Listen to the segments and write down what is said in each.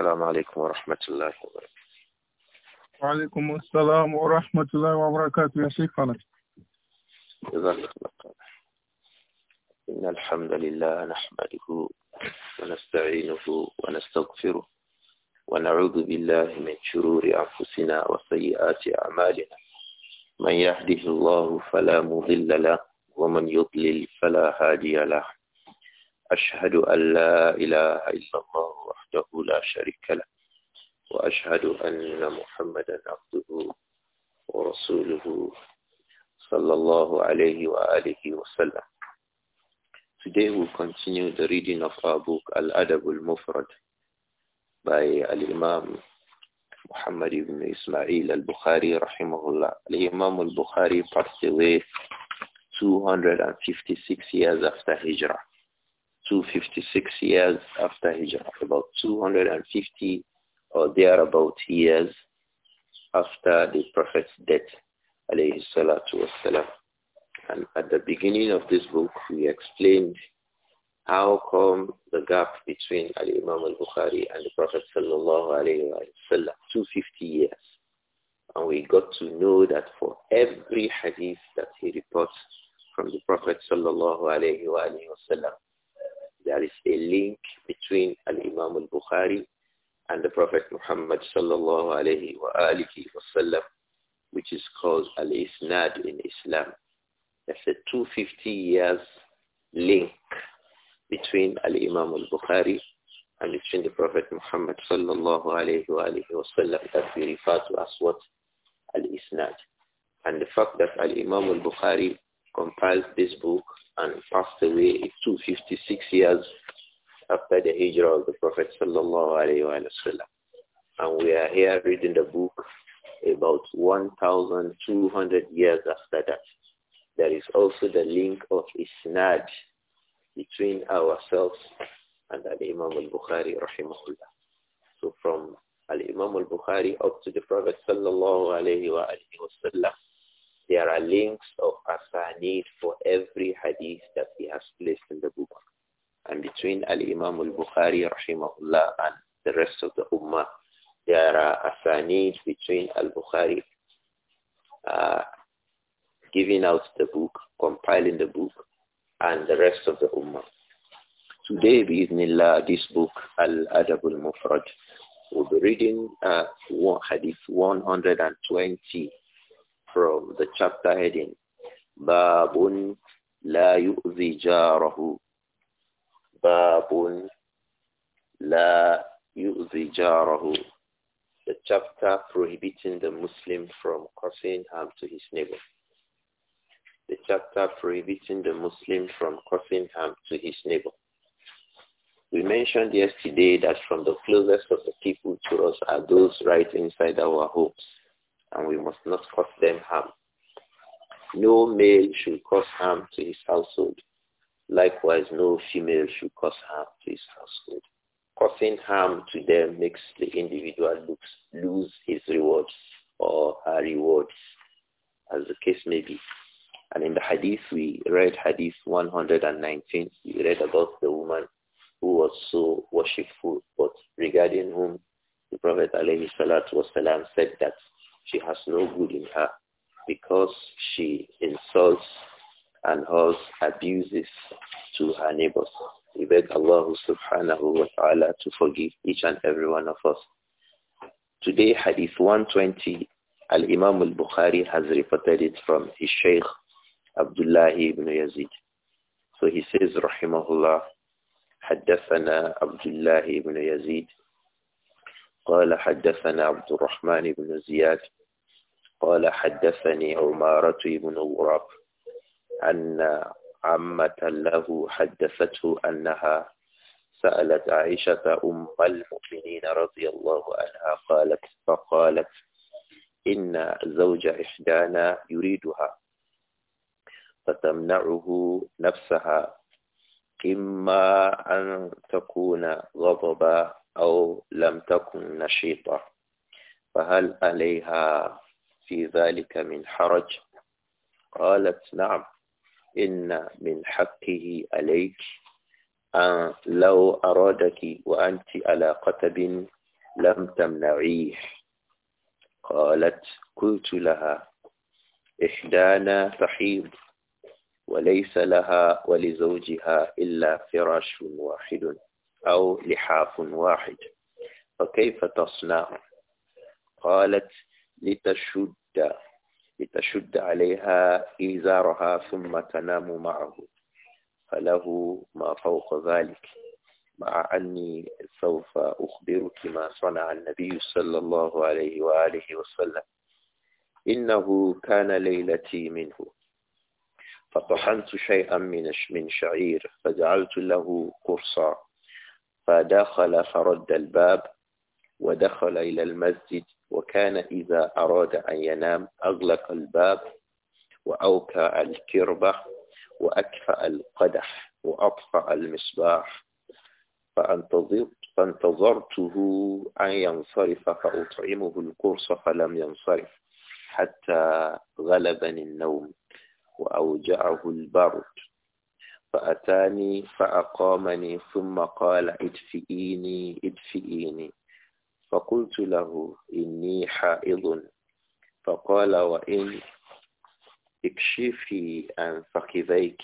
السلام عليكم ورحمة الله وبركاته وعليكم السلام ورحمة الله وبركاته يا شيخنا جزاك الله إن الحمد لله نحمده ونستعينه ونستغفره ونعوذ بالله من شرور أنفسنا وسيئات أعمالنا من يهده الله فلا مضل له ومن يضلل فلا هادي له أشهد أن لا إله إلا الله وحده لا شريك له وأشهد أن محمدا عبده ورسوله صلى الله عليه وآله وسلم Today we'll continue the reading of our book Al-Adab al-Mufrad by Al-Imam Muhammad ibn Ismail al-Bukhari rahimahullah. Al-Imam al-Bukhari passed away 256 years after Hijrah. 256 years after Hijrah, about 250 or thereabout years after the Prophet's death, alayhi salatu wasalam. And at the beginning of this book, we explained how come the gap between Ali Imam al-Bukhari and the Prophet sallallahu alayhi wa sallam, 250 years. And we got to know that for every hadith that he reports from the Prophet sallallahu alayhi wa sallam, there is a link between Al-Imam al-Bukhari and the Prophet Muhammad sallallahu alayhi wa alihi wasallam, which is called Al-Isnad in Islam. That's a 250 years link between Al-Imam al-Bukhari and between the Prophet Muhammad sallallahu alayhi wa alihi wasallam that we refer to as what? Al-Isnad. And the fact that Al-Imam al-Bukhari compiled this book and passed away 256 years after the hijrah of the Prophet sallallahu alaihi wasallam. And we are here reading the book about 1,200 years after that. There is also the link of isnad between ourselves and Al-Imam al-Bukhari rahimahullah. So from Al-Imam al-Bukhari up to the Prophet sallallahu alaihi wasallam, there are links of asanid for every hadith that he has placed in the book. And between Al-Imam al-Bukhari rahimahullah and the rest of the ummah, there are asanid between al-Bukhari uh, giving out the book, compiling the book, and the rest of the ummah. Today, bi'idhnillah, this book, Al-Adab al-Mufraj, we'll be reading uh, hadith 120 from the chapter heading Babun La Yu'zi Jarahu Babun La Yu'zi Jarahu The chapter prohibiting the Muslim from causing harm to his neighbor. The chapter prohibiting the Muslim from causing harm to his neighbor. We mentioned yesterday that from the closest of the people to us are those right inside our homes and we must not cause them harm. No male should cause harm to his household. Likewise, no female should cause harm to his household. Causing harm to them makes the individual looks, lose his rewards or her rewards, as the case may be. And in the hadith, we read hadith 119. We read about the woman who was so worshipful, but regarding whom the Prophet ﷺ said that she has no good in her because she insults and hurls abuses to her neighbors. We beg Allah subhanahu wa ta'ala to forgive each and every one of us. Today, Hadith 120, Al-Imam al-Bukhari has reported it from his Shaykh Abdullah ibn Yazid. So he says, Rahimahullah, حدثنا عبد الله بن يزيد قال حدثنا عبد الرحمن بن زياد قال حدثني عمارة بن غراب أن عمة له حدثته أنها سألت عائشة أم المؤمنين رضي الله عنها قالت فقالت إن زوج إحدانا يريدها فتمنعه نفسها إما أن تكون غضبا أو لم تكن نشيطة فهل عليها في ذلك من حرج قالت نعم إن من حقه عليك أن لو أرادك وأنت على قتب لم تمنعيه قالت قلت لها إحدانا تحيض وليس لها ولزوجها إلا فراش واحد أو لحاف واحد فكيف تصنع قالت لتشد تشد لتشد عليها إزارها ثم تنام معه فله ما فوق ذلك مع أني سوف أخبرك ما صنع النبي صلى الله عليه وآله وسلم إنه كان ليلتي منه فطحنت شيئا من من شعير فجعلت له قرصا فدخل فرد الباب ودخل إلى المسجد وكان إذا أراد أن ينام أغلق الباب وأوكى الكربة وأكفأ القدح وأطفأ المصباح فانتظرته أن ينصرف فأطعمه القرص فلم ينصرف حتى غلبني النوم وأوجعه البرد فأتاني فأقامني ثم قال ادفئيني ادفئيني فقلت له إني حائض فقال وإن اكشفي عن فخذيك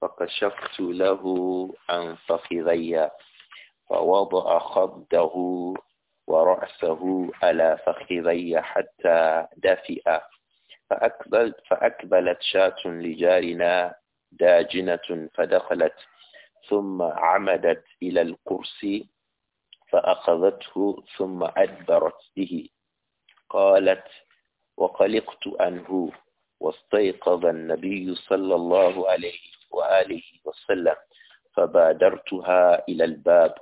فكشفت له عن فخذي فوضع خده ورأسه على فخذي حتى دفئ فأكبل فأكبلت شاة لجارنا داجنة فدخلت ثم عمدت إلى الكرسي فأخذته ثم أدبرت به قالت وقلقت عنه واستيقظ النبي صلى الله عليه وآله وسلم فبادرتها إلى الباب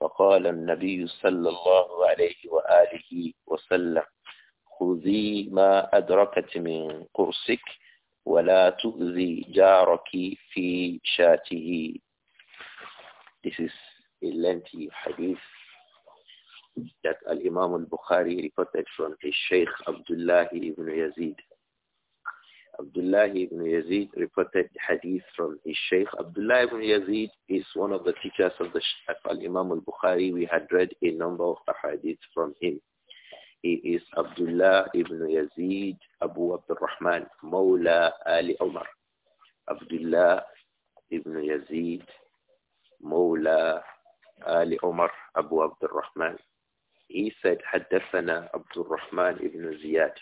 فقال النبي صلى الله عليه وآله وسلم خذي ما أدركت من قرصك ولا تؤذي جارك في شاته This is a lengthy hadith that Al-Imam al-Bukhari reported from his Sheikh Abdullah ibn Yazid. Abdullah ibn Yazid reported hadith from his Sheikh. Abdullah ibn Yazid is one of the teachers of the Sheikh Al-Imam al-Bukhari. We had read a number of hadiths from him. He is Abdullah ibn Yazid Abu Rahman Mawla Ali Omar. Abdullah ibn Yazid, Mawla Ali Omar Abu Abdul Rahman. He said, Abu Abdul Rahman ibn Ziyad.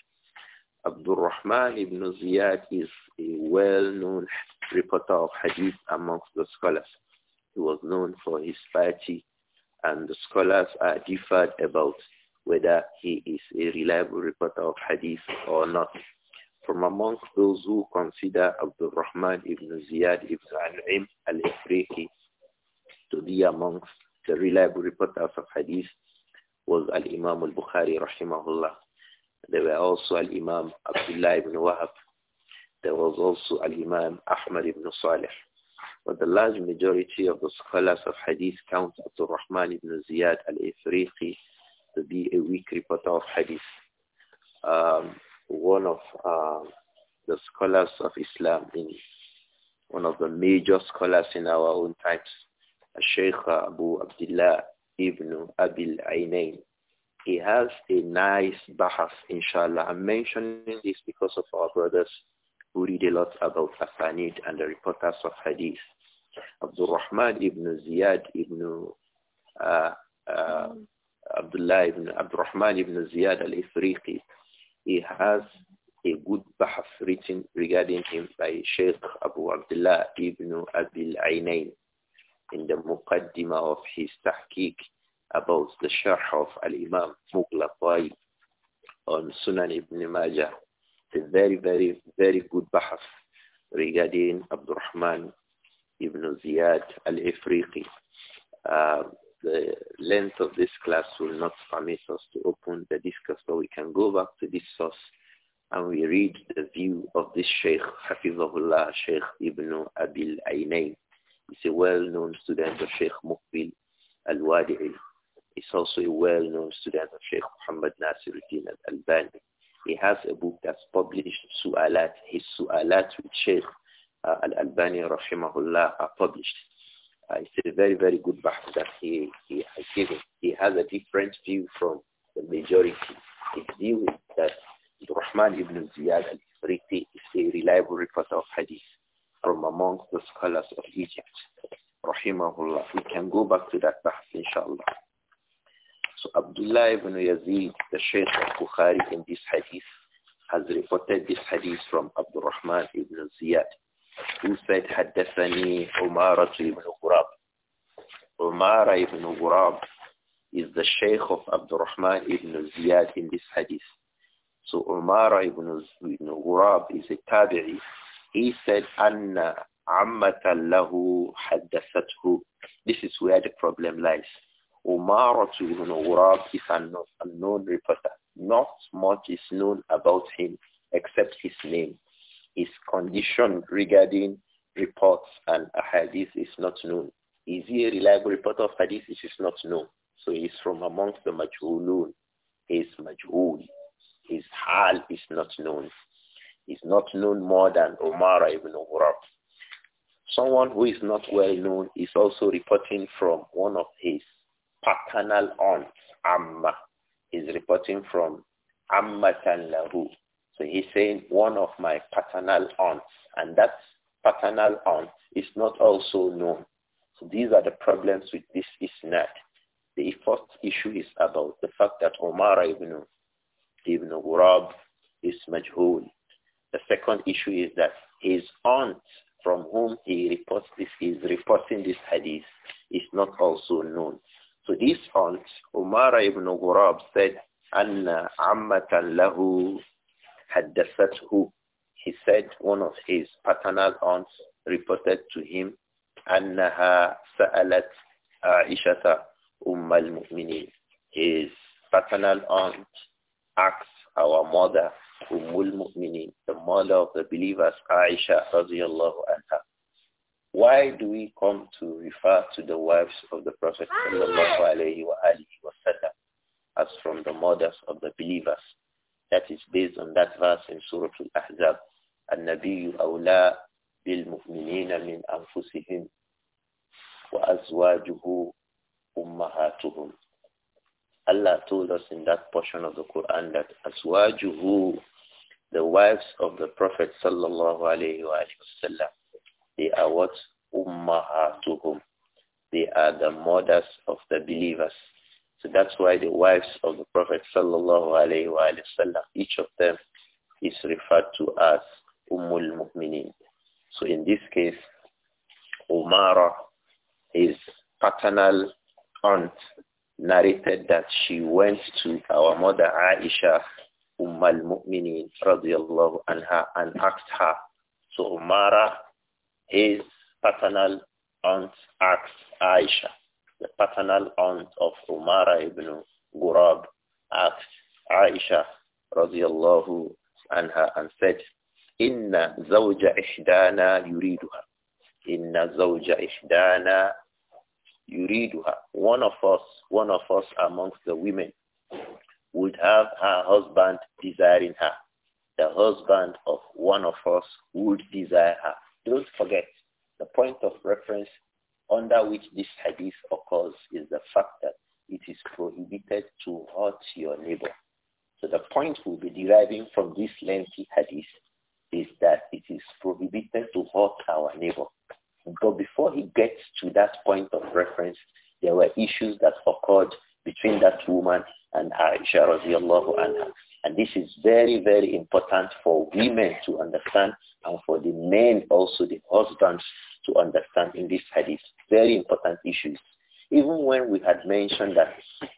Abdul Rahman ibn Ziyad is a well-known reporter of hadith amongst the scholars. He was known for his piety, and the scholars are differed about whether he is a reliable reporter of hadith or not. From among those who consider Abdul Rahman ibn Ziyad ibn al-Im al-Ifriqi to be amongst the reliable reporters of hadith was Al-Imam al-Bukhari rahimahullah. There were also Al-Imam Abdullah ibn Wahab. There was also Al-Imam Ahmad ibn Salih. But the large majority of the scholars of hadith count Abdul Rahman ibn Ziyad al-Ifriqi to be a weak reporter of hadith. Um, one of uh, the scholars of Islam in one of the major scholars in our own times, Sheikh Abu Abdullah ibn Abil Ainain. He has a nice bahas, inshallah. I'm mentioning this because of our brothers who read a lot about Asanid and the reporters of Hadith. Abdul Rahman ibn Ziyad ibn uh, uh, Abdullah ibn Abdul Rahman ibn Ziyad al-Ifriqi. He has a good bahas written regarding him by Sheikh Abu Abdullah ibn Abil Ainain in the muqaddimah of his tahqiq about the sharh of Al-Imam Mughlaqai on Sunan Ibn Majah. It's a very, very, very good bahas regarding Abdurrahman Ibn Ziyad Al-Ifriqi. Uh, the length of this class will not permit us to open the discuss, but we can go back to this source and we read the view of this Sheikh, Hafizahullah Sheikh Ibn Abil Ainayn He's a well-known student of Sheikh Mukbil Al-Wadi'i. He's also a well-known student of Sheikh Muhammad Nasiruddin Al-Albani. He has a book that's published, Su'alat. His Su'alat with Sheikh uh, Al-Albani Rahimahullah are published. Uh, it's a very, very good bahth that he, he has given. He has a different view from the majority. His view is that Rahman ibn Ziyad al-Ifriti is a reliable reporter of hadith from amongst the scholars of Egypt. Rahimahullah. We can go back to that inshallah. So Abdullah ibn Yazid, the Shaykh of Bukhari in this hadith, has reported this hadith from Rahman ibn Ziyad, who said, حدثني Umar ibn Ghurab. Umara ibn Ghurab is the Shaykh of Rahman ibn Ziyad in this hadith. So Umara ibn, ibn Ghurab is a tabi'i he said, Anna ammatallahu haddasathu. This is where the problem lies. Umar ibn Urab is an unknown reporter. Not much is known about him except his name. His condition regarding reports and hadith is not known. Is he a reliable reporter of hadith? It is not known. So he's from amongst the majhulun. His majhul. His hal is not known not known more than Omara ibn Ghurab. Someone who is not well known is also reporting from one of his paternal aunts, Amma. He's reporting from Amma Lahu. So he's saying one of my paternal aunts, and that paternal aunt is not also known. So these are the problems with this isnad. The first issue is about the fact that Omar ibn, ibn Ghurab is majhul. The second issue is that his aunt from whom he reports this is reporting this hadith is not also known. So this aunt, Umar ibn Ghurab said, Anna ammatan lahu haddathathu. He said one of his paternal aunts reported to him, Annaha sa'alat Aishata Umm al-Mu'minin. His paternal aunt asked our mother Ummul the mother of the believers, Aisha radiallahu anha. Why do we come to refer to the wives of the Prophet sallallahu alayhi wa wasallam as from the mothers of the believers? That is based on that verse in Surah Al-Ahzab. النبي أولى بالمؤمنين من أنفسهم وأزواجه أمهاتهم Allah told us in that portion of the Quran that aswajuhu, the wives of the Prophet sallallahu alayhi wa sallam, they are what? Ummahatuhum. They are the mothers of the believers. So that's why the wives of the Prophet sallallahu alayhi wa sallam, each of them is referred to as Ummul Mu'minin. So in this case, Umara, is paternal aunt, narrated that she went to our mother Aisha Umm al-Mu'minin radiyallahu anha and asked her. So Umara, his paternal aunt, asked Aisha, the paternal aunt of Umara ibn Gurab, asked Aisha radiyallahu anha and said, Inna zawja ihdana yuriduha. Inna zawja ihdana yuriduha. One of us one of us amongst the women would have her husband desiring her. The husband of one of us would desire her. Don't forget, the point of reference under which this hadith occurs is the fact that it is prohibited to hurt your neighbor. So the point we'll be deriving from this lengthy hadith is that it is prohibited to hurt our neighbor. But before he gets to that point of reference, there were issues that occurred between that woman and Aisha radiallahu anha. And this is very, very important for women to understand and for the men also, the husbands to understand in this hadith. Very important issues. Even when we had mentioned that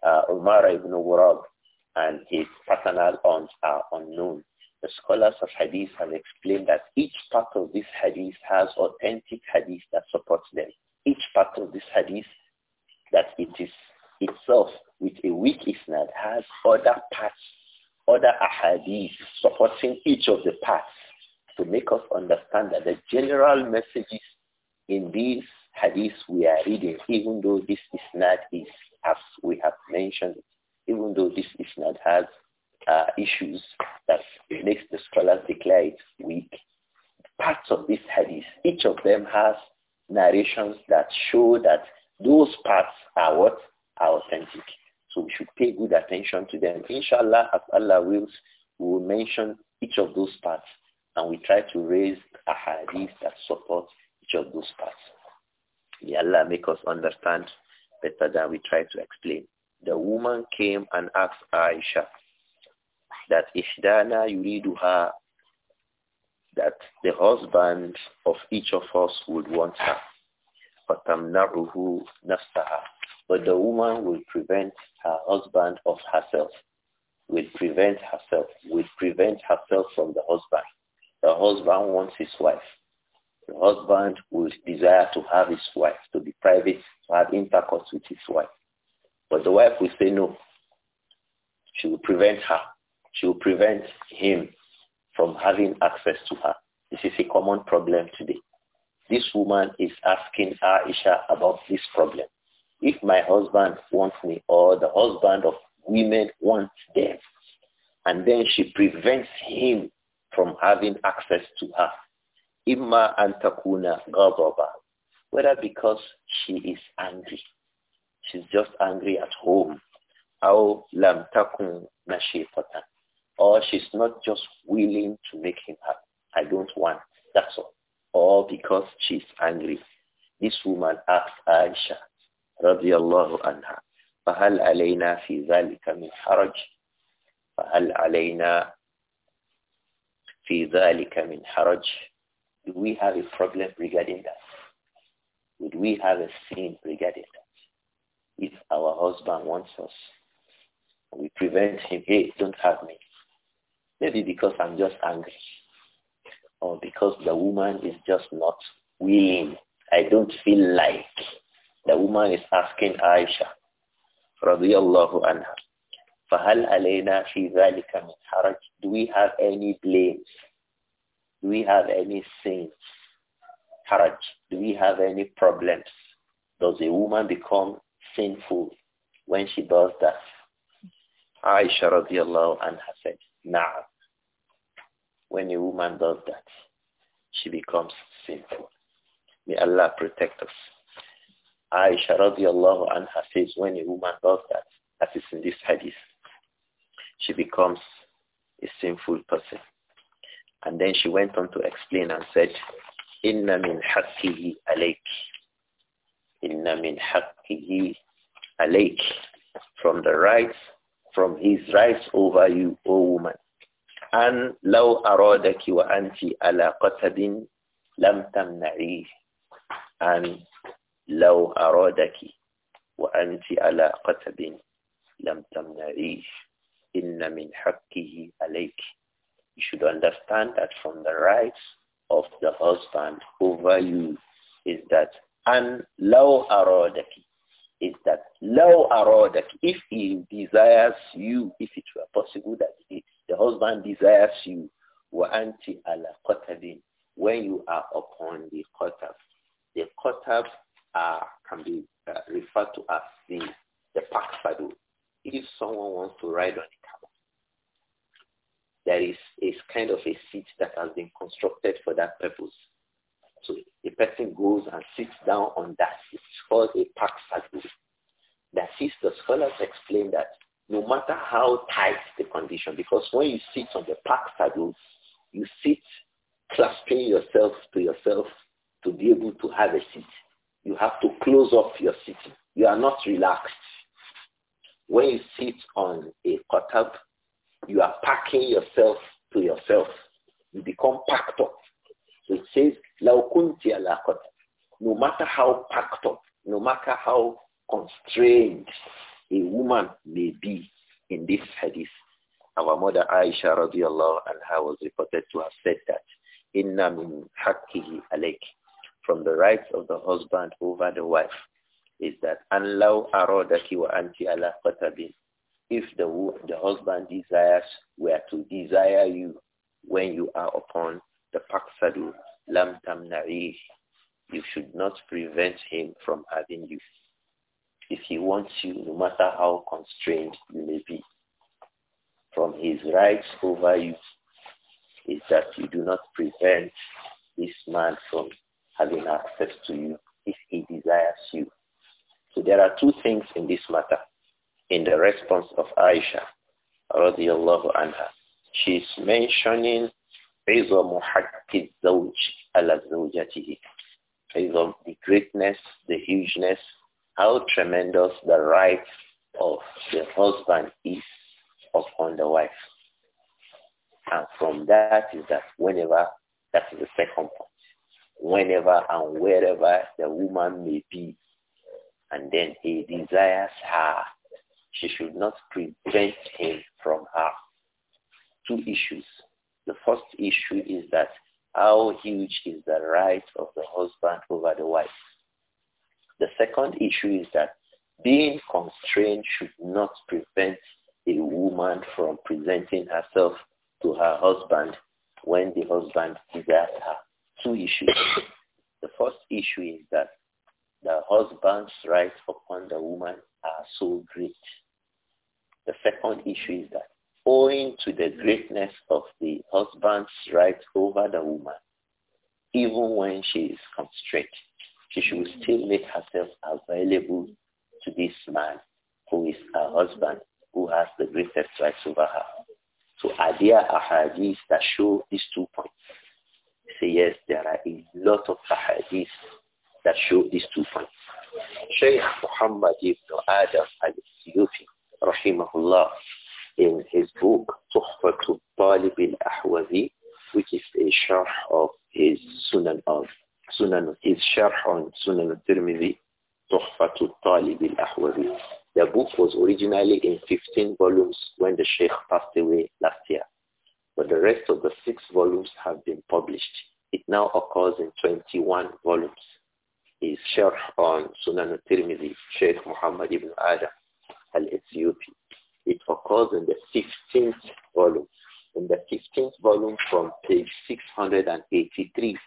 uh, Umar ibn Warab and his paternal aunt are unknown, the scholars of hadith have explained that each part of this hadith has authentic hadith that supports them. Each part of this hadith that it is itself with a weak isnad has other parts, other ahadith supporting each of the parts to make us understand that the general messages in these hadiths we are reading, even though this isnad is, as we have mentioned, even though this isnad has uh, issues that makes the scholars declare it weak, parts of this hadith, each of them has narrations that show that those parts are what? Are authentic. So we should pay good attention to them. Inshallah, as Allah wills, we will mention each of those parts and we try to raise a hadith that supports each of those parts. May Allah make us understand better than we try to explain. The woman came and asked Aisha that Ishdana Yuriduha, that the husband of each of us would want her. But the woman will prevent her husband of herself, will prevent herself, will prevent herself from the husband. The husband wants his wife. The husband will desire to have his wife, to be private, to have intercourse with his wife. But the wife will say no. She will prevent her. She will prevent him from having access to her. This is a common problem today. This woman is asking Aisha about this problem. If my husband wants me or the husband of women wants them, and then she prevents him from having access to her. Imma antakuna Whether because she is angry. She's just angry at home. Aw lam takun nashifatan. Or she's not just willing to make him happy. I don't want. That's all or because she's angry. This woman asked Aisha, radiallahu anha, فَهَلْ عَلَيْنَا فِي ذَلِكَ مِنْ حَرَجٍ فَهَلْ عَلَيْنَا فِي ذَلِكَ مِنْ حَرَجٍ Do we have a problem regarding that? Would we have a sin regarding that? If our husband wants us, we prevent him, hey, don't have me. Maybe because I'm just angry or because the woman is just not willing. I don't feel like. The woman is asking Aisha, radiyallahu anha, فَهَلْ عَلَيْنَا فِي ذَلِكَ مِنْ حَرَجٍ Do we have any blame? Do we have any sins? Haraj. Do we have any problems? Does a woman become sinful when she does that? Aisha radiallahu anha said, Na'am. When a woman does that, she becomes sinful. May Allah protect us. Aisha radiallahu anha says when a woman does that, that is in this hadith, she becomes a sinful person. And then she went on to explain and said, Inna min haqqihi alayk. Inna min haqqihi alayk. From the rights, from his rights over you, O woman. أن لو أرادك وأنت على قتب لم تمنعيه أن لو أرادك وأنت على قتب لم تمنعيه إن من حقه عليك You should understand that from the rights of the husband over you is that an لو أرادك is that لو أرادك if he desires you if it were possible that he the husband desires you. وَأَنْتِ عَلَى قَتَبٍ When you are upon the qatab. The qatab uh, can be uh, referred to as the, the pakfadu. If someone wants to ride on a camel, there is a kind of a seat that has been constructed for that purpose. So a person goes and sits down on that. It's called a pakfadu. That is, the scholars explain that no matter how tight the condition, because when you sit on the pack saddles, you sit clasping yourself to yourself to be able to have a seat. You have to close up your sitting. You are not relaxed. When you sit on a qatab, you are packing yourself to yourself. You become packed up. So it says, No matter how packed up, no matter how constrained a woman may be in this hadith. Our mother Aisha radiallahu anha was reported to have said that, Inna min haqqihi From the rights of the husband over the wife is that, An law aradaki wa anti ala qatabin. If the, the husband desires, were to desire you when you are upon the paksadu, lam tamna'ih. You should not prevent him from having you if he wants you, no matter how constrained you may be, from his rights over you is that you do not prevent this man from having access to you if he desires you. So there are two things in this matter. In the response of Aisha, radiallahu anha, she's mentioning the greatness, the hugeness how tremendous the right of the husband is upon the wife. And from that is that whenever, that is the second point, whenever and wherever the woman may be, and then he desires her, she should not prevent him from her. Two issues. The first issue is that how huge is the right of the husband over the wife. The second issue is that being constrained should not prevent a woman from presenting herself to her husband when the husband desires her. Two issues. The first issue is that the husband's rights upon the woman are so great. The second issue is that owing to the greatness of the husband's rights over the woman, even when she is constrained, she should still make herself available to this man who is her husband, who has the greatest rights over her. So are there ahadith that show these two points? Say yes, there are a lot of ahadith that show these two points. Shaykh Muhammad ibn Adam al-Siyufi, rahimahullah, in his book Tuhfatul Talib al-Ahwazi, which is a sharh of his Sunan of the book was originally in 15 volumes when the Sheikh passed away last year, but the rest of the six volumes have been published. It now occurs in 21 volumes. His Sharh on Sunan al-Tirmidhi, Sheikh Muhammad ibn Adam al-Ethiopi. It occurs in the 15th volume. In the 15th volume from page 683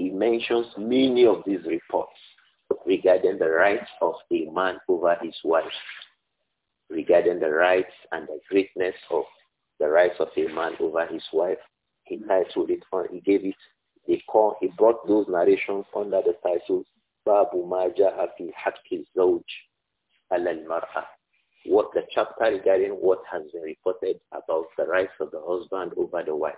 he mentions many of these reports regarding the rights of a man over his wife, regarding the rights and the greatness of the rights of a man over his wife. He titled it, uh, he gave it, he, call, he brought those narrations under the title Babu Majaha fi Haqqi Zawj al-Mar'a. What the chapter regarding what has been reported about the rights of the husband over the wife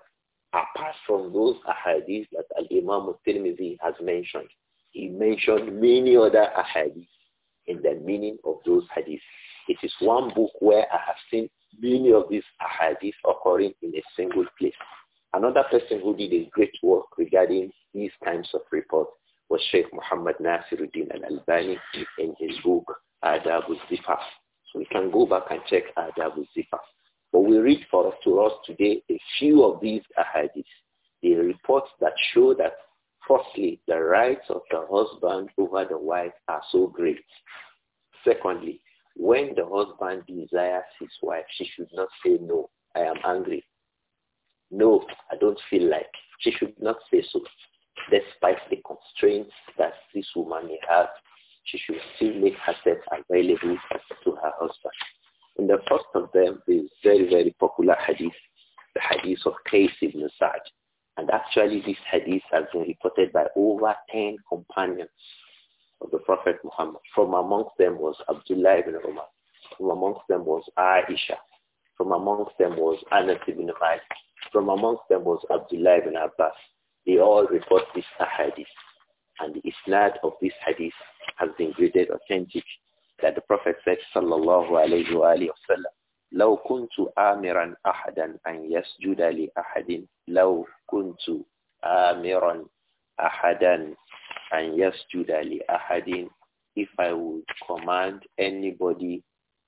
apart from those ahadith that Al-Imam al-Tirmidhi has mentioned. He mentioned many other ahadith in the meaning of those hadiths. It is one book where I have seen many of these ahadith occurring in a single place. Another person who did a great work regarding these kinds of reports was Sheikh Muhammad Nasiruddin al-Albani in his book Adab al-Zifaf. So we can go back and check Adab al-Zifaf. But we read for us to us today a few of these ahadith. The reports that show that firstly, the rights of the husband over the wife are so great. Secondly, when the husband desires his wife, she should not say, no, I am angry. No, I don't feel like. She should not say so. Despite the constraints that this woman may have, she should still make herself available to her husband. And the first of them is very, very popular hadith, the hadith of Qais ibn Sa'd. And actually this hadith has been reported by over 10 companions of the Prophet Muhammad. From amongst them was Abdullah ibn Umar. From amongst them was Aisha. From amongst them was Anas ibn Malik. From amongst them was Abdullah ibn Abbas. They all report this hadith. And the isnad of this hadith has been graded authentic that the Prophet said, sallallahu alayhi wa alayhi wa sallam, لو كنت آمرا أحدا أن يسجد لأحد لو كنت آمرا أحدا أن يسجد لأحد if I would command anybody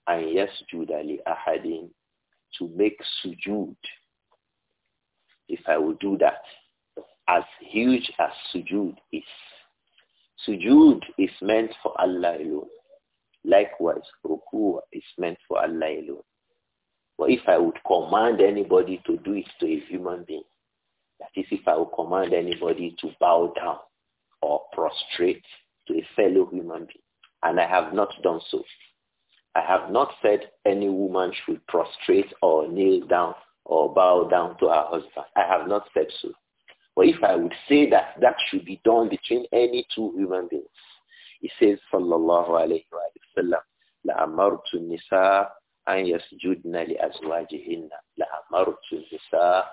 أن يسجد لأحد to make sujud if I would do that as huge as sujud is sujud is meant for Allah alone Likewise, ruku is meant for Allah alone. But if I would command anybody to do it to a human being, that is if I would command anybody to bow down or prostrate to a fellow human being, and I have not done so. I have not said any woman should prostrate or kneel down or bow down to her husband. I have not said so. But if I would say that that should be done between any two human beings, he says, sallallahu alayhi wa sallam, لَأَمَرْتُ النِّسَاءَ أَنْ يَسْجُدْنَ لِأَزْوَاجِهِنَّ لَأَمَرْتُ النِّسَاءَ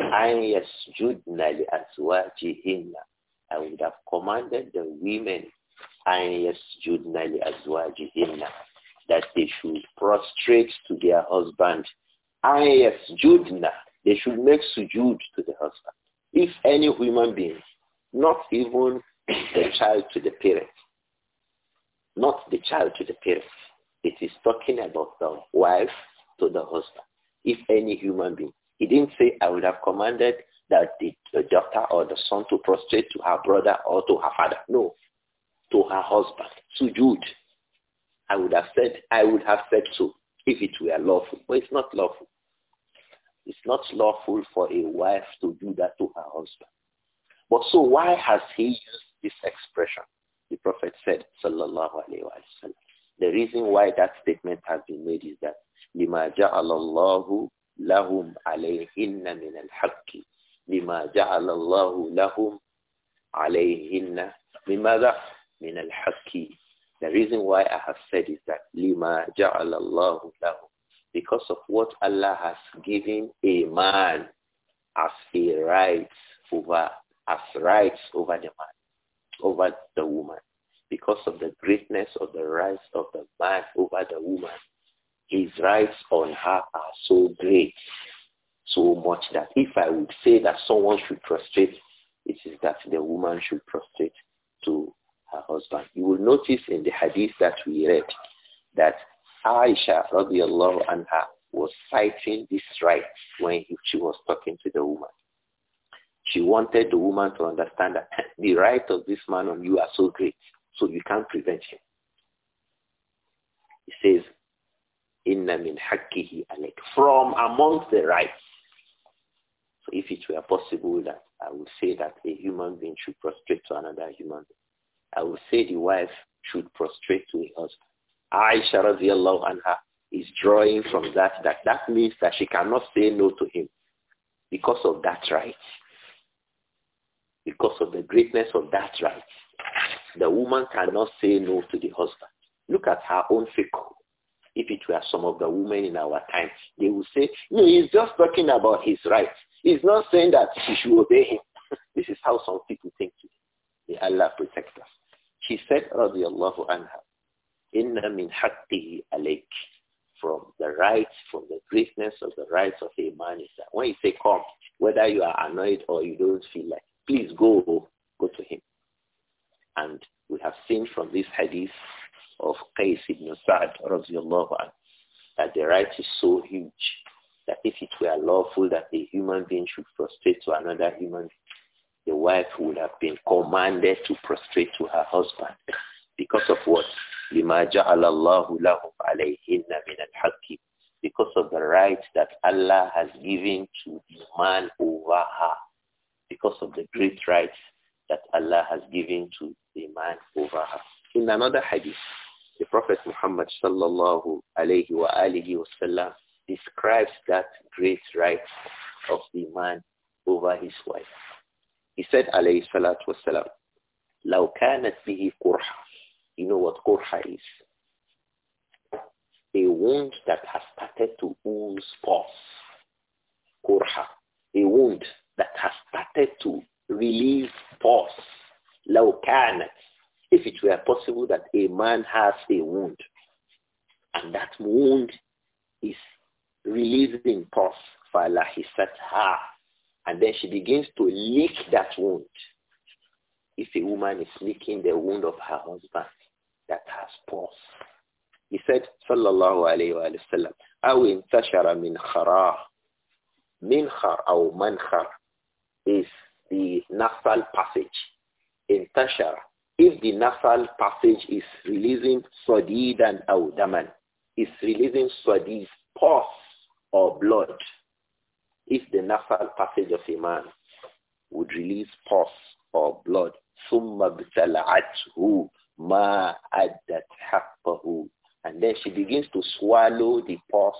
أَنْ يَسْجُدْنَ لِأَزْوَاجِهِنَّ I would have commanded the women أَنْ يَسْجُدْنَ that they should prostrate to their husband. أَنْ يَسْجُدْنَ They should make sujud to the husband. If any human being, not even the child to the parents, not the child to the parents. It is talking about the wife to the husband, if any human being. He didn't say, I would have commanded that the, the daughter or the son to prostrate to her brother or to her father. No, to her husband, sujood. I would have said, I would have said so if it were lawful. But it's not lawful. It's not lawful for a wife to do that to her husband. But so why has he used this expression? the Prophet said, sallallahu alayhi wasallam." The reason why that statement has been made is that لِمَا جَعَلَ اللَّهُ لَهُمْ عَلَيْهِنَّ مِنَ الْحَقِّ لِمَا جَعَلَ اللَّهُ لَهُمْ عَلَيْهِنَّ لِمَاذَا مِنَ الْحَقِّ The reason why I have said is that لِمَا جَعَلَ اللَّهُ لَهُمْ Because of what Allah has given a man as a right over, as rights over the man over the woman. Because of the greatness of the rights of the man over the woman, his rights on her are so great, so much that if I would say that someone should prostrate, it is that the woman should prostrate to her husband. You will notice in the hadith that we read that Aisha radiallahu anha was citing this right when she was talking to the woman. She wanted the woman to understand that the right of this man on you are so great, so you can't prevent him. He says, Inna min haqqihi alek." From amongst the rights. So if it were possible that I would say that a human being should prostrate to another human being. I would say the wife should prostrate to her husband. Aisha radiallahu anha is drawing from that, that that means that she cannot say no to him because of that right because of the greatness of that right. The woman cannot say no to the husband. Look at her own fickle. If it were some of the women in our time, they would say, no, he's just talking about his rights. He's not saying that she should obey him. this is how some people think May Allah protect us. She said, radiallahu anha, inna min haqqihi alayk. From the rights, from the greatness of the rights of a man is that when you say come, whether you are annoyed or you don't feel like please go, go to him. And we have seen from this hadith of Qais ibn Sa'd that the right is so huge that if it were lawful that a human being should prostrate to another human the wife would have been commanded to prostrate to her husband because of what? Because of the right that Allah has given to the man over her because of the great rights that Allah has given to the man over her. In another hadith, the Prophet Muhammad sallallahu alayhi wa alihi wasallam describes that great right of the man over his wife. He said alayhi salatu wasallam, لو كانت به قرحة. You know what قرحة is? A wound that has started to ooze pus. Qurha. A wound that has started to release pus. لو if it were possible that a man has a wound and that wound is releasing pus فَلَحِسَتْهَا and then she begins to lick that wound. If a woman is licking the wound of her husband that has pus. He said, sallallahu alayhi wa sallam, أَوْ انْتَشَرَ مِنْ خَرَاهُ منخر أو منخر is the nasal passage in Tashara. If the nasal passage is releasing sadid and awdaman, is releasing sadid, pus or blood. If the nasal passage of a man would release pus or blood, ثم ابتلعته ma أدت حقه and then she begins to swallow the pus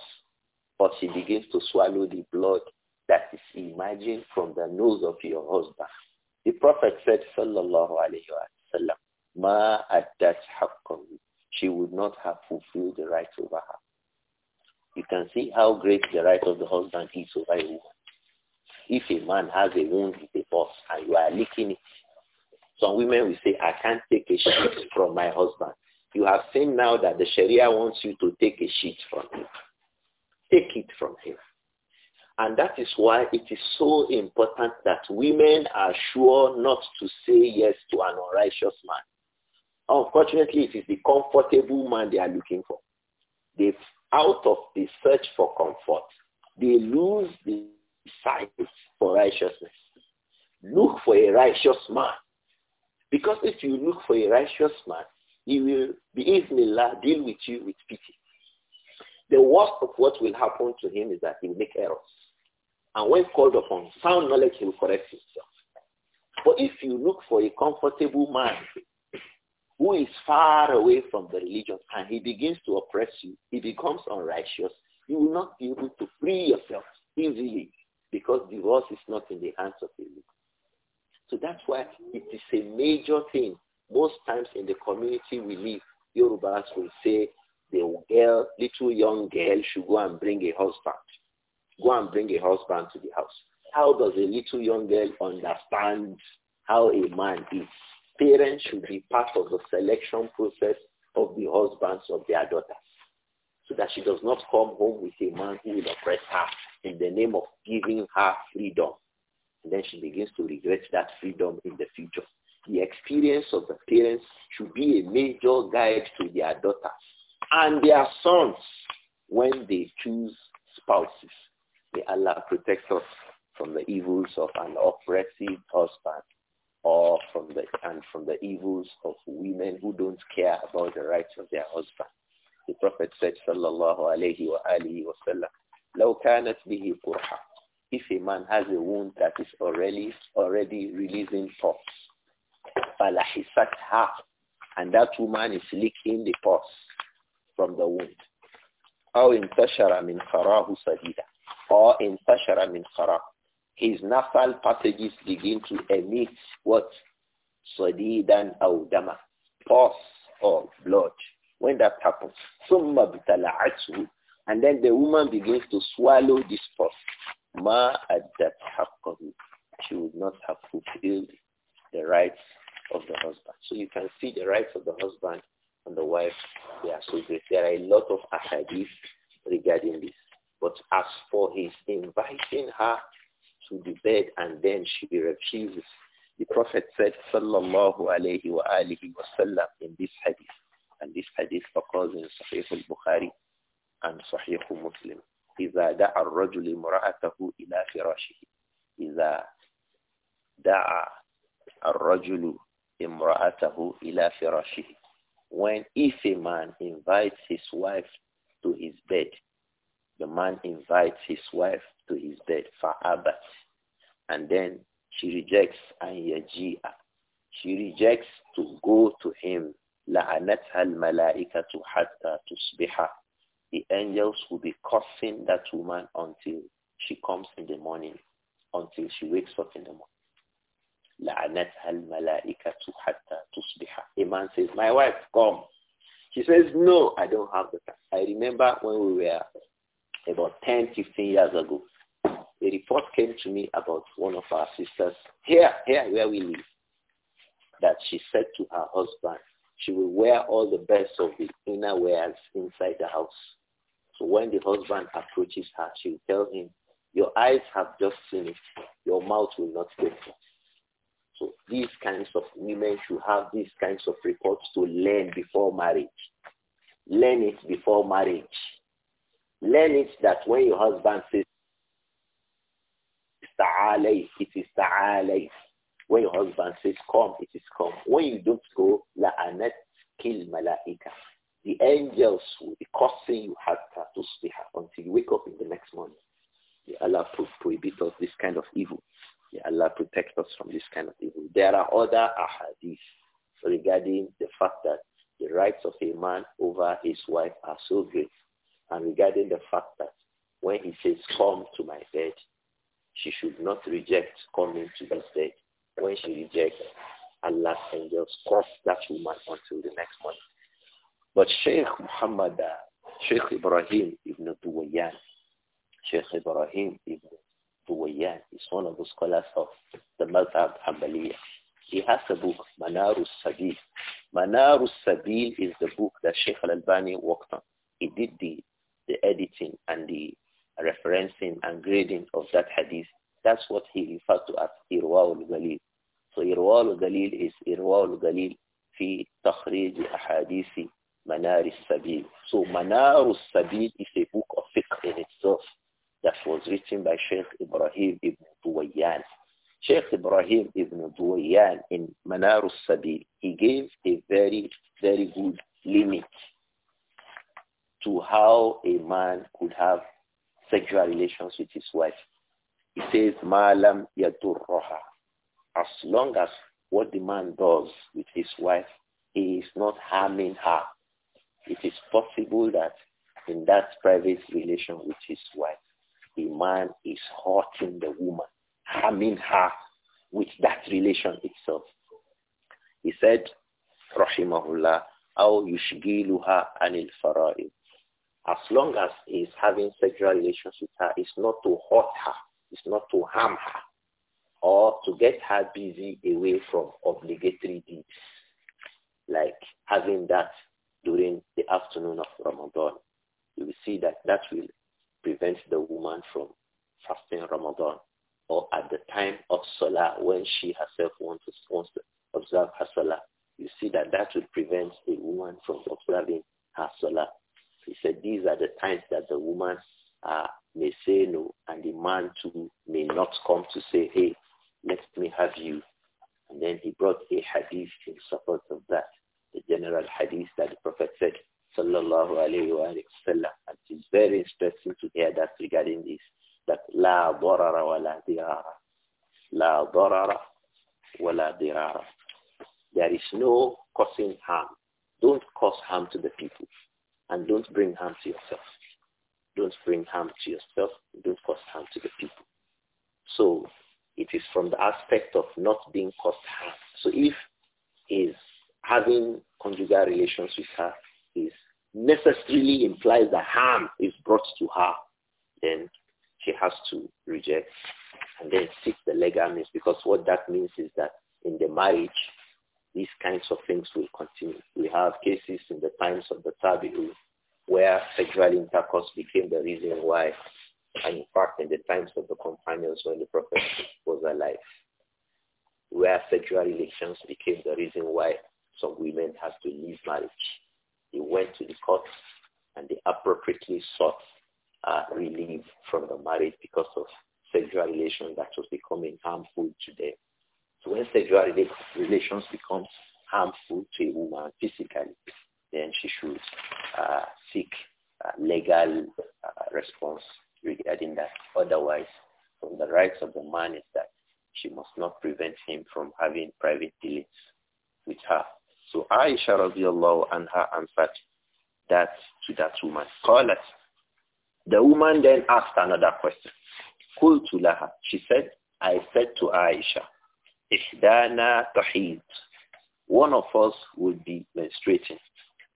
or she begins to swallow the blood that is emerging from the nose of your husband. The Prophet said, Sallallahu Alaihi Wasallam, Ma addat She would not have fulfilled the right over her. You can see how great the right of the husband is over a woman. If a man has a wound with a boss and you are licking it, some women will say, I can't take a shit from my husband. You have seen now that the Sharia wants you to take a shit from him. Take it from him. And that is why it is so important that women are sure not to say yes to an unrighteous man. Unfortunately, it is the comfortable man they are looking for. They, out of the search for comfort, they lose the sight for righteousness. Look for a righteous man. Because if you look for a righteous man, he will, bi'ithnillah, deal with you with pity. The worst of what will happen to him is that he will make errors. And when called upon, sound knowledge will correct himself. But if you look for a comfortable man who is far away from the religion and he begins to oppress you, he becomes unrighteous, you will not be able to free yourself easily because divorce is not in the hands of the legal. So that's why it is a major thing. Most times in the community we live, Yorubas will say the girl, little young girl should go and bring a husband go and bring a husband to the house. How does a little young girl understand how a man is? Parents should be part of the selection process of the husbands of their daughters so that she does not come home with a man who will oppress her in the name of giving her freedom. And then she begins to regret that freedom in the future. The experience of the parents should be a major guide to their daughters and their sons when they choose spouses. May Allah protect us from the evils of an oppressive husband or from the and from the evils of women who don't care about the rights of their husband. The Prophet said, Sallallahu alayhi wa alihi wa sallam, لو كانت به قرحة. If a man has a wound that is already already releasing pus, فلحستها, and that woman is leaking the pus from the wound. أو انتشر من خراه صديدا in Tashara min Khara, his nasal passages begin to emit what? Sadidan aw dama, pus or blood. When that happens, summa btala'athu, and then the woman begins to swallow this pus. Ma that haqqahu. She would not have fulfilled the rights of the husband. So you can see the rights of the husband and the wife. Yeah, so there are a lot of ahadith regarding this. But as for his inviting her to the bed and then she refuses, the Prophet said, sallallahu alayhi wa alihi wasallam, in this hadith, and this hadith occurs in Sahih al-Bukhari and Sahih Muslim. إذا دعا الرجل امرأته إلى فراشه إذا دعا الرجل امرأته إلى فراشه When if a man invites his wife to his bed, the man invites his wife to his bed, Fa'abat. And then she rejects Anyaji'a. She rejects to go to him. al malaika حتى tusbiha. The angels will be cursing that woman until she comes in the morning, until she wakes up in the morning. al malaika حتى tusbiha. A man says, my wife, come. She says, no, I don't have the time. I remember when we were about 10, 15 years ago. A report came to me about one of our sisters here, here where we live, that she said to her husband, she will wear all the best of the inner wears inside the house. So when the husband approaches her, she will tell him, your eyes have just seen it. Your mouth will not take it. So these kinds of women should have these kinds of reports to learn before marriage. Learn it before marriage Learn it that when your husband says, ta'alay, it is ta'alay. When your husband says come, it is come. When you don't go, la anet kill malaika. The angels will be causing you hatta to speak until you wake up in the next morning. May Allah prohibit us this kind of evil. May Allah protect us from this kind of evil. There are other ahadith regarding the fact that the rights of a man over his wife are so great and regarding the fact that when he says, come to my bed, she should not reject coming to this bed. When she rejects, Allah's angels cross that woman until the next morning. But Sheikh Muhammad, uh, Sheikh Ibrahim ibn Duwayyan, Sheikh Ibrahim ibn Duwayyan is one of the scholars of the Madhab Hanbaliya. He has a book, Manarus Sabil. Manarus Sabil is the book that Sheikh Al-Albani worked on. He did the the editing and the referencing and grading of that hadith. That's what he referred to as Irwa al So Irwa al is Irwa al-Ghalil fi takhrij ahadithi Manar al-Sabil. So Manar al-Sabil is a book of fiqh in itself that was written by Sheikh Ibrahim ibn Duwayyan. Sheikh Ibrahim ibn Duwayyan in Manar al-Sabil, he gave a very, very good limit to how a man could have sexual relations with his wife. He says, Ma'alam roha." As long as what the man does with his wife, he is not harming her. It is possible that in that private relation with his wife, the man is hurting the woman, harming her with that relation itself. He said, Rahimahullah, أو يشغلها عن الفرائض as long as he's having sexual relations with her, it's not to hurt her, it's not to harm her, or to get her busy away from obligatory deeds, like having that during the afternoon of Ramadan. You will see that that will prevent the woman from fasting Ramadan or at the time of Salah when she herself wants to, wants to observe her Salah. You see that that will prevent the woman from observing her Salah he said these are the times that the woman uh, may say no and the man too may not come to say, hey, let me have you. And then he brought a hadith in support of that, the general hadith that the Prophet said, sallallahu alayhi wa sallam. And it's very interesting to hear that regarding this, that la darara wa la dirara. La darara wa la dirara. There is no causing harm. Don't cause harm to the people and don't bring harm to yourself. Don't bring harm to yourself. Don't cause harm to the people. So it is from the aspect of not being caused harm. So if is having conjugal relations with her is necessarily implies that harm is brought to her, then she has to reject and then seek the legal means because what that means is that in the marriage these kinds of things will continue. We have cases in the times of the Tabi'u where sexual intercourse became the reason why, and in fact in the times of the companions when the Prophet was alive, where sexual relations became the reason why some women had to leave marriage. They went to the court and they appropriately sought uh, relief from the marriage because of sexual relations that was becoming harmful to them. So when sexual relations becomes harmful to a woman physically, then she should uh, seek uh, legal uh, response regarding that. Otherwise, from the rights of the man is that she must not prevent him from having private dealings with her. So Aisha radiallahu anha answered that to that woman. The woman then asked another question. Qultu She said, I said to Aisha, one of us would be menstruating.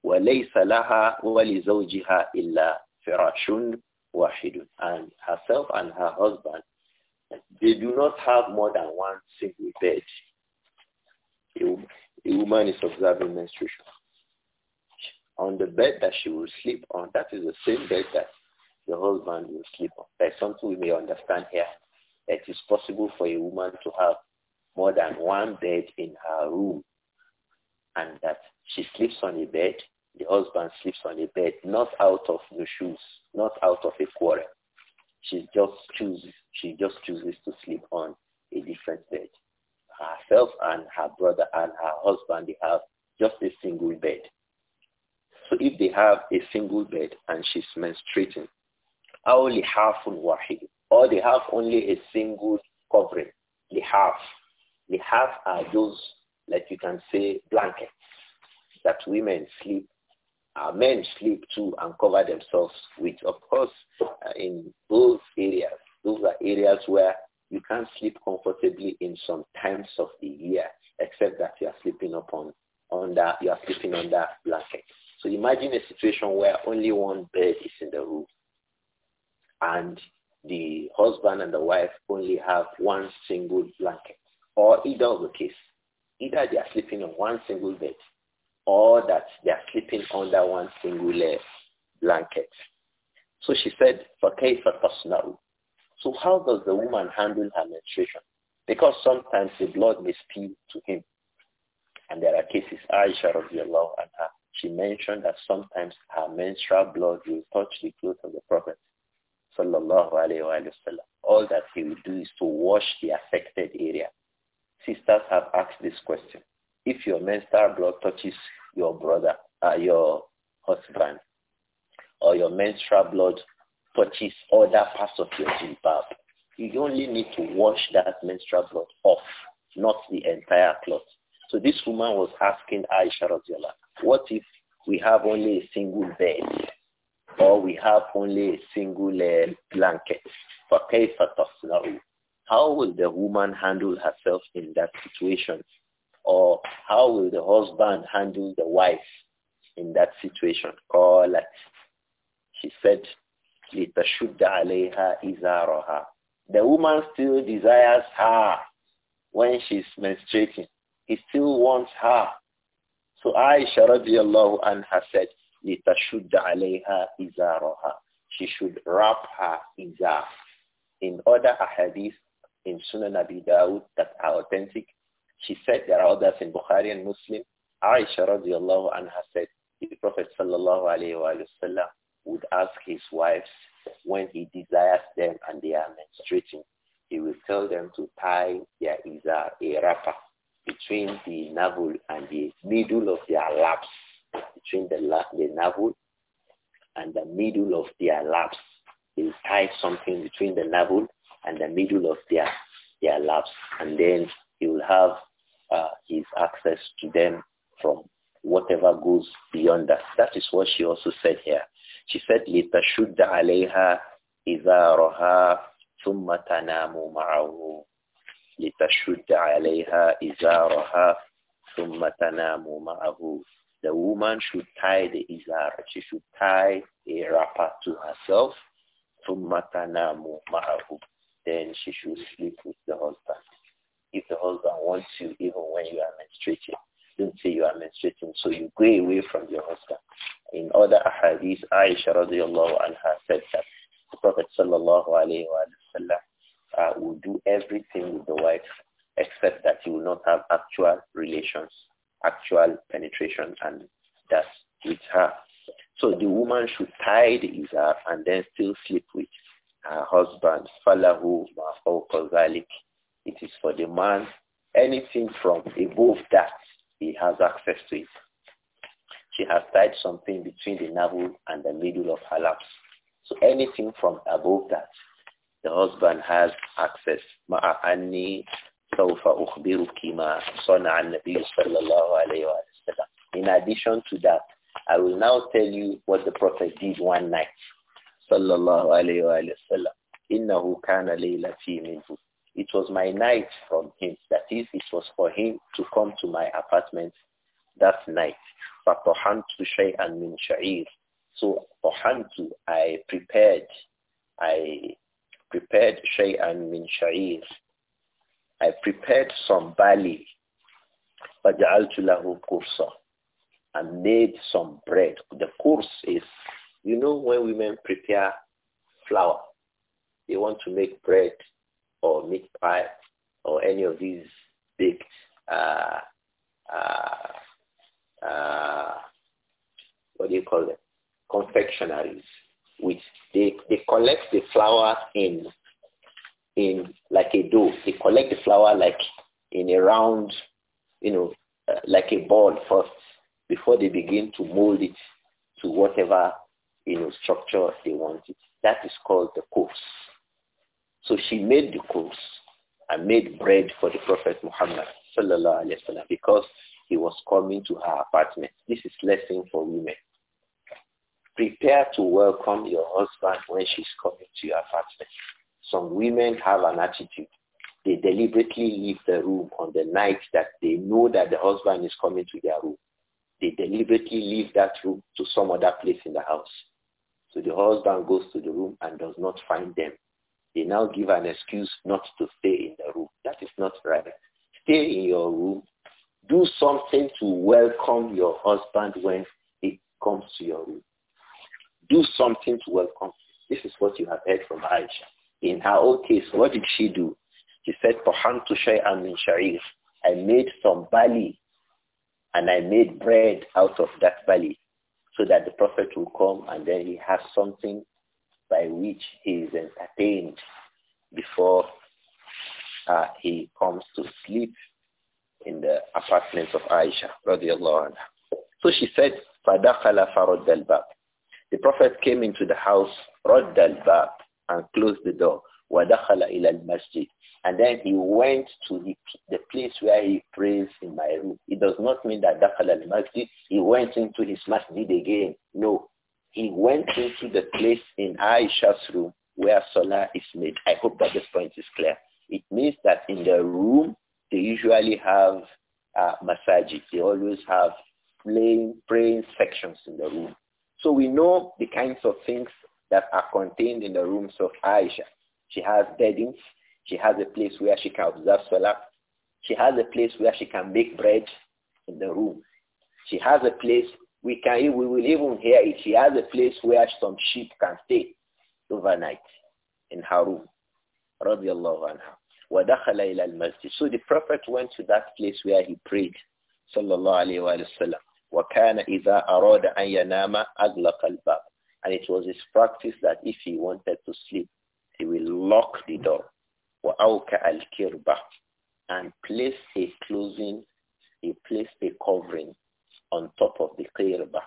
وَلَيْسَ لَهَا وَلِزَوْجِهَا إِلَّا فِرَاشٌ وَاحِدٌ And herself and her husband, they do not have more than one single bed. A, a woman is observing menstruation. On the bed that she will sleep on, that is the same bed that the husband will sleep on. That's something we may understand here. It is possible for a woman to have more than one bed in her room and that she sleeps on a bed, the husband sleeps on a bed, not out of no shoes, not out of a quarrel. She just chooses she just chooses to sleep on a different bed. Herself and her brother and her husband they have just a single bed. So if they have a single bed and she's menstruating, only half wahid, or they have only a single covering, they have. We have are those, like you can say, blankets that women sleep, uh, men sleep too and cover themselves with. Of course, uh, in those areas, those are areas where you can't sleep comfortably in some times of the year, except that you are sleeping upon under you are sleeping under blankets. So imagine a situation where only one bed is in the room and the husband and the wife only have one single blanket or either of the case. Either they are sleeping on one single bed or that they are sleeping under one single eh, blanket. So she said, for personal. So how does the woman handle her menstruation? Because sometimes the blood may spill to him. And there are cases, Aisha radiallahu And she mentioned that sometimes her menstrual blood will touch the clothes of the Prophet sallallahu alayhi wa All that he will do is to wash the affected area sisters have asked this question. If your menstrual blood touches your brother, uh, your husband, or your menstrual blood touches other parts of your jilbab, you only need to wash that menstrual blood off, not the entire cloth. So this woman was asking Aisha Radiola, what if we have only a single bed or we have only a single uh, blanket? فَكَيْفَ تَصْنَعُ how will the woman handle herself in that situation? Or how will the husband handle the wife in that situation? Qalat. She said, لِتَشُدَّ عَلَيْهَا The woman still desires her when she's menstruating. He still wants her. So Aisha radiallahu anha said, لِتَشُدَّ عَلَيْهَا إِزَارَهَا She should wrap her izar. In other ahadith, in Sunan Abi Dawud that are authentic. She said there are others in Bukhari and Muslim. Aisha radiallahu anha said, the Prophet sallallahu alayhi wa sallam would ask his wives when he desires them and they are menstruating. He will tell them to tie their izar, a wrapper, between the navel and the middle of their laps, between the, the navel and the middle of their laps. They tie something between the navel and the middle of their, their laps. And then he will have uh, his access to them from whatever goes beyond that. That is what she also said here. She said, لِتَشُدَّ عَلَيْهَا إِذَارَهَا ثُمَّ تَنَامُ مَعَهُ لِتَشُدَّ عَلَيْهَا إِذَارَهَا ثُمَّ تَنَامُ مَعَهُ The woman should tie the izar. She should tie a wrapper to herself. ثُمَّ تَنَامُ مَعَهُ then she should sleep with the husband. If the husband wants you even when you are menstruating, don't say you are menstruating, so you go away from your husband. In other hadith, Aisha radiallahu anha said that the Prophet sallallahu alayhi wa sallam uh, will do everything with the wife except that he will not have actual relations, actual penetration and that with her. So the woman should tie the izar and then still sleep with her husband, falahu ma'fawqa It is for the man, anything from above that, he has access to it. She has tied something between the navel and the middle of her laps. So anything from above that, the husband has access. مَعَأَنِّي سَوْفَ أُخْبِرُكِ مَا صَنَعَ النَّبِيُّ Sallallahu اللَّهُ عَلَيْهِ In addition to that, I will now tell you what the Prophet did one night sallallahu alayhi wa sallam, innahu kana minhu. It was my night from him. That is, it was for him to come to my apartment that night. فَطَحَنْتُ شَيْئًا مِنْ شَعِيرٍ So, طَحَنْتُ, I prepared, I prepared شَيْئًا مِنْ شَعِيرٍ I prepared some barley. فَجَعَلْتُ لَهُ كُرْصًا and made some bread. The course is you know when women prepare flour, they want to make bread or meat pie or any of these big uh, uh, uh, what do you call them? Confectionaries, which they, they collect the flour in in like a dough. They collect the flour like in a round, you know, uh, like a ball first before they begin to mold it to whatever in a structure they wanted. That is called the course. So she made the course and made bread for the Prophet Muhammad sallallahu alaihi wasallam because he was coming to her apartment. This is lesson for women. Prepare to welcome your husband when she's coming to your apartment. Some women have an attitude. They deliberately leave the room on the night that they know that the husband is coming to their room. They deliberately leave that room to some other place in the house so the husband goes to the room and does not find them. They now give an excuse not to stay in the room. That is not right. Stay in your room. Do something to welcome your husband when he comes to your room. Do something to welcome. This is what you have heard from Aisha. In her own case, what did she do? She said, to shay'an min sharif." I made some barley, and I made bread out of that barley so that the prophet will come and then he has something by which he is entertained before uh, he comes to sleep in the apartment of Aisha So she said, فَدَخَلَ فَرَدَّ الْبَابِ The Prophet came into the house, رَدَّ الْبَابِ and closed the door. وَدَخَلَ إِلَى الْمَسْجِدِ and then he went to the, the place where he prays in my room. It does not mean that Dakal al-Masjid, he went into his masjid again. No. He went into the place in Aisha's room where Salah is made. I hope that this point is clear. It means that in the room, they usually have uh, masajid. They always have playing, praying sections in the room. So we know the kinds of things that are contained in the rooms of Aisha. She has beddings. She has a place where she can observe Salah. She has a place where she can make bread in the room. She has a place we can we will even hear it. She has a place where some sheep can stay overnight in her room. So the Prophet went to that place where he prayed. Sallallahu alayhi wa sallam. وَكَانَ إِذَا أَرَادَ أَنْ يَنَامَ أَغْلَقَ And it was his practice that if he wanted to sleep, he will lock the door. وَأَوْكَ الْكِرْبَ and place a closing, he placed a covering on top of the kirba.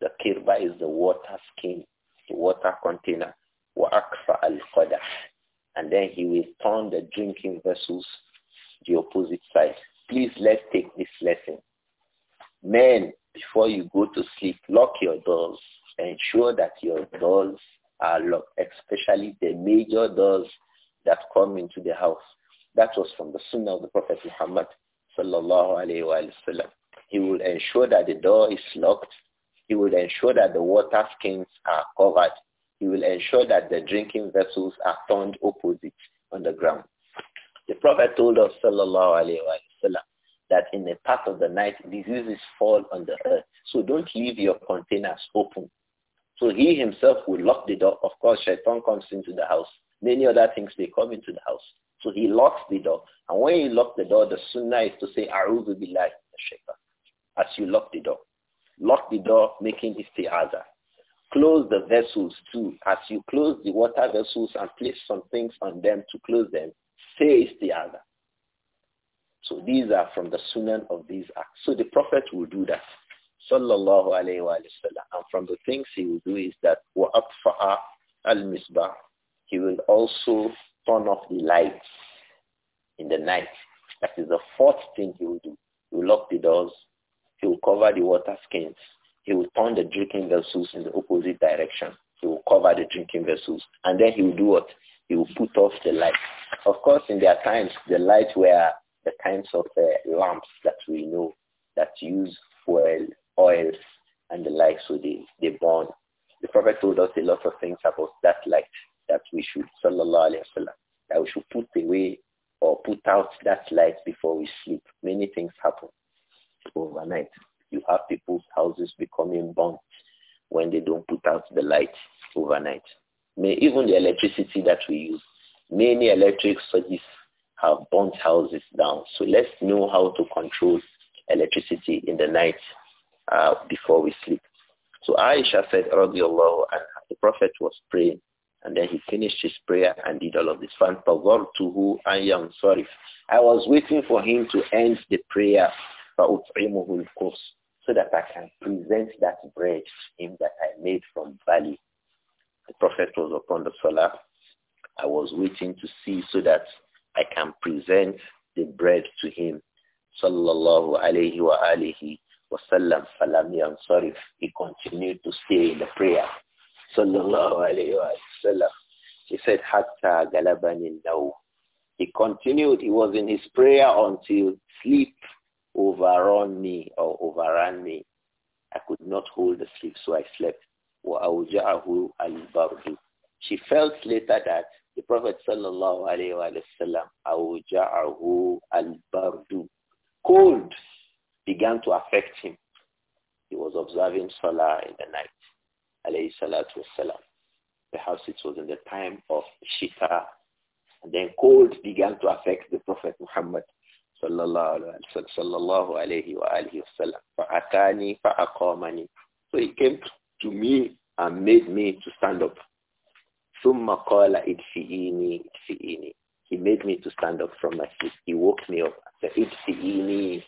The kirba is the water skin, the water container. وَأَكْفَ الْقَدَحِ And then he will turn the drinking vessels the opposite side. Please let's take this lesson. Men, before you go to sleep, lock your doors. Ensure that your doors are locked, especially the major doors that come into the house. That was from the sunnah of the Prophet Muhammad sallallahu He will ensure that the door is locked. He will ensure that the water skins are covered. He will ensure that the drinking vessels are turned opposite on the ground. The Prophet told us sallallahu that in a part of the night diseases fall on the earth. So don't leave your containers open. So he himself will lock the door. Of course, shaitan comes into the house. Many other things, they come into the house. So he locks the door. And when he locks the door, the sunnah is to say, A'udhu billahi shaitan. As you lock the door. Lock the door, making isti'aza. Close the vessels too. As you close the water vessels and place some things on them to close them, say isti'aza. So these are from the sunnah of these acts. So the Prophet will do that sallallahu alayhi wa And from the things he will do is that وَأَطْفَأَ al-misbah. He will also turn off the lights in the night. That is the fourth thing he will do. He will lock the doors. He will cover the water skins. He will turn the drinking vessels in the opposite direction. He will cover the drinking vessels. And then he will do what? He will put off the light. Of course, in their times, the lights were the kinds of uh, lamps that we know that use fuel oils and the likes so they, they burn. The Prophet told us a lot of things about that light that we should, sallallahu alayhi wasallam, that we should put away or put out that light before we sleep. Many things happen overnight. You have people's houses becoming burnt when they don't put out the light overnight. even the electricity that we use, many electric sources have burnt houses down. So let's know how to control electricity in the night uh, before we sleep. So Aisha said, radiallahu anha, the Prophet was praying and then he finished his prayer and did all of this. فَانْتَظَرْتُهُ to who I was waiting for him to end the prayer so that I can present that bread to him that I made from barley. The Prophet was upon the salah. I was waiting to see so that I can present the bread to him. Sallallahu alayhi wa alihi wasallam falam sorry. He continued to stay in the prayer. Sallallahu alayhi wasallam. He said, Hatta galabani now. He continued, he was in his prayer until sleep overran me or overran me. I could not hold the sleep, so I slept. She felt later that the Prophet sallallahu alayhi wa sallam, al-bardu Cold began to affect him. He was observing Salah in the night, alayhi salatu wasalam. Perhaps it was in the time of Shita. And then cold began to affect the Prophet Muhammad sallallahu alayhi wa wasallam. Fa'akani So he came to me and made me to stand up. ثم قال ادفئيني ادفئيني he made me to stand up from my seat. He woke me up and said,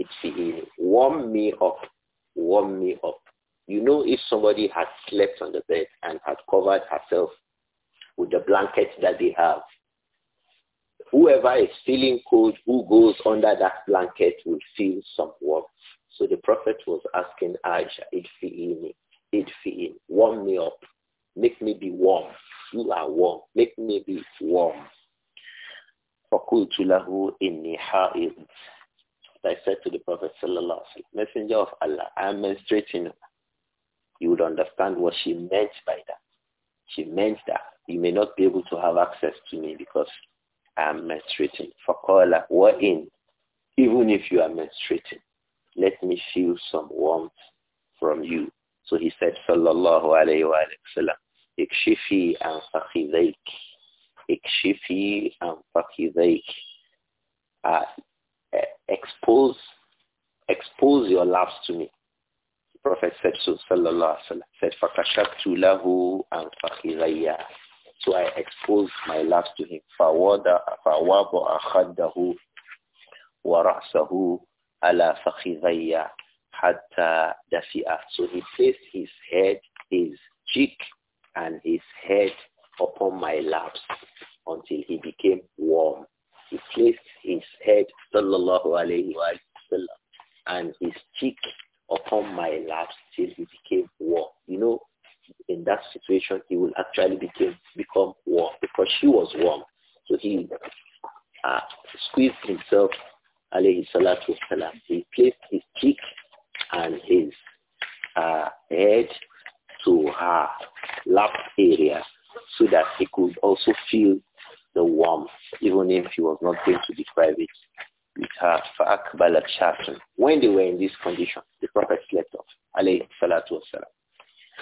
itfi'il. Warm me up. Warm me up. You know if somebody had slept on the bed and had covered herself with the blanket that they have, whoever is feeling cold who goes under that blanket will feel some warmth. So the Prophet was asking Aisha, fee in, warm me up. Make me be warm. You are warm. Make me be warm. I said to the Prophet sallallahu wasallam, messenger of Allah, I'm menstruating. You would understand what she meant by that. She meant that you may not be able to have access to me because I'm menstruating. For Faqala what in. Even if you are menstruating, let me feel some warmth from you. So he said, sallallahu alayhi wasallam, sallam, ikshifi an fakhidayk. Ikshifi an fakhidayk. Ah, expose expose your lapse to me. The Prophet said so, sallallahu alaihi wasallam, said, فَكَشَفْتُ لَهُ أَنْ فَخِذَيَّ So I exposed my lapse to him. فَوَضَعَ خَدَّهُ وَرَأْسَهُ عَلَى فَخِذَيَّ حَتَّى دَفِئَ So he placed his head, his cheek, and his head upon my laps until he became warm. He placed his head, sallallahu alayhi wa sallam, and his cheek upon my lap till he became warm. You know, in that situation, he will actually became, become warm because she was warm. shaking. When they were in this condition, the Prophet slept off. Alayhi salatu wasalam.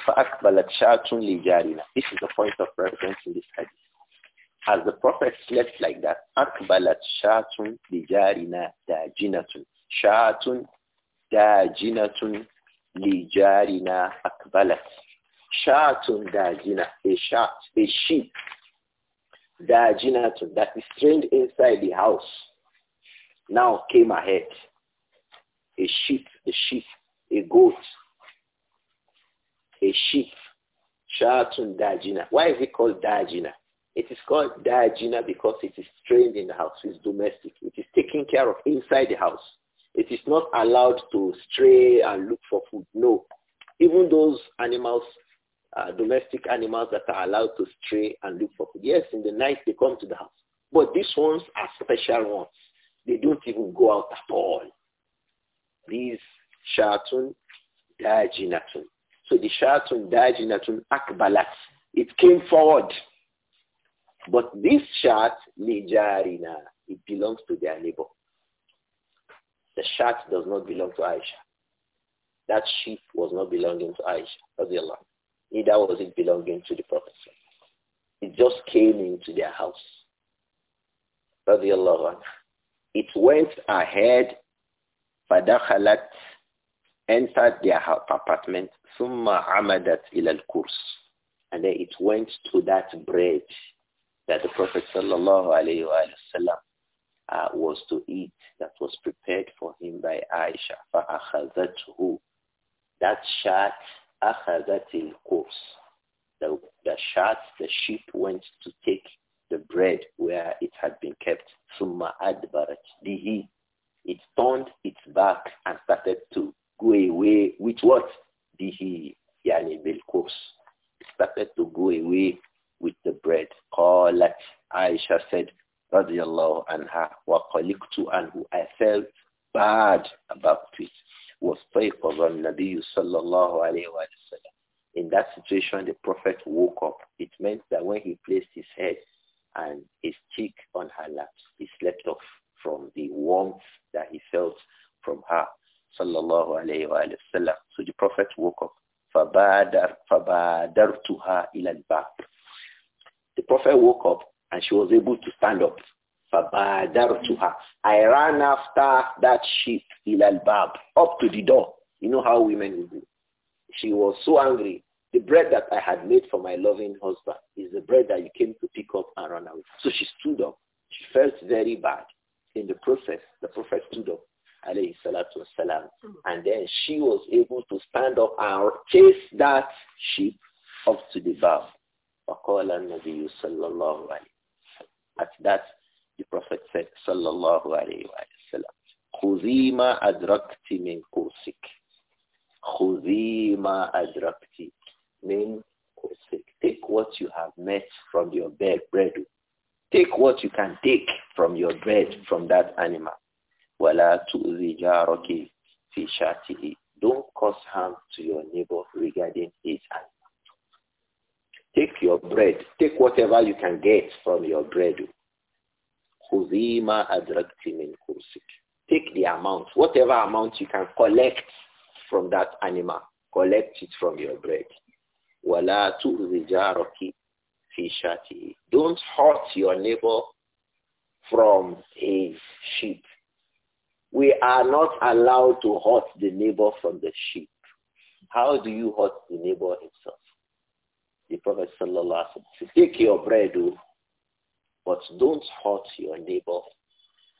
فَأَكْبَلَتْ شَاتٌ لِجَارِنَا This is the point of reference in this hadith. As the Prophet slept like that, أَكْبَلَتْ شَاتٌ لِجَارِنَا دَاجِنَةٌ شَاتٌ دَاجِنَةٌ لِجَارِنَا أَكْبَلَتْ Shatun dajina, a shat, a sheep. Dajinatun, that is trained inside the house, now came ahead sheep, a sheep, a goat, a sheep. Shatun Dajina. Why is it called Dajina? It is called Dajina because it is trained in the house. It's domestic. It is taken care of inside the house. It is not allowed to stray and look for food. No. Even those animals, uh, domestic animals that are allowed to stray and look for food. Yes, in the night they come to the house. But these ones are special ones. They don't even go out at all. These shatun dajinatun. So the shatun dajinatun akbalat. It came forward. But this shat lijarina, it belongs to their neighbor. The shat does not belong to Aisha. That sheep was not belonging to Aisha. Neither was it belonging to the Prophet. It just came into their house. It went ahead فدخلت entered their apartment ثم عمدت إلى kurs. and then it went to that bread that the Prophet sallallahu alayhi wa sallam uh, was to eat that was prepared for him by Aisha. فَأَخَذَتْهُ That shat, أَخَذَتِ الْقُرْسِ the, the shat, the sheep went to take the bread where it had been kept. ثُمَّ أَدْبَرَتْ بِهِ it turned its back and started to go away with what? Bihi yani bil It started to go away with the bread. Qalat Aisha said, radiyallahu anha, wa qaliktu anhu. I felt bad about it. Was on Nabi sallallahu alayhi wa sallam. In that situation, the Prophet woke up. It meant that when he placed his head and his cheek on her lap, he slept off from the warmth that he felt from her. Sallallahu alayhi wa sallam. So the Prophet woke up. فَبَادَرْ فَبَادَرْتُهَا إِلَى The Prophet woke up and she was able to stand up. فَبَادَرْتُهَا I ran after that sheep, إِلَى الْبَابِ Up to the door. You know how women do. She was so angry. The bread that I had made for my loving husband is the bread that you came to pick up and run away. So she stood up. She felt very bad in the process, the Prophet stood up, alayhi salatu wasalam, hmm. and then she was able to stand up and chase that sheep up to the bow. At that, the Prophet said, Take what you have met from your bed, bread, Take what you can take from your bread from that animal. شَاتِهِ Don't cause harm to your neighbor regarding his animal. Take your bread. Take whatever you can get from your bread. Take the amount, whatever amount you can collect from that animal. Collect it from your bread. Don't hurt your neighbor from his sheep. We are not allowed to hurt the neighbor from the sheep. How do you hurt the neighbor himself? The Prophet sallallahu said, take your bread, oh, but don't hurt your neighbor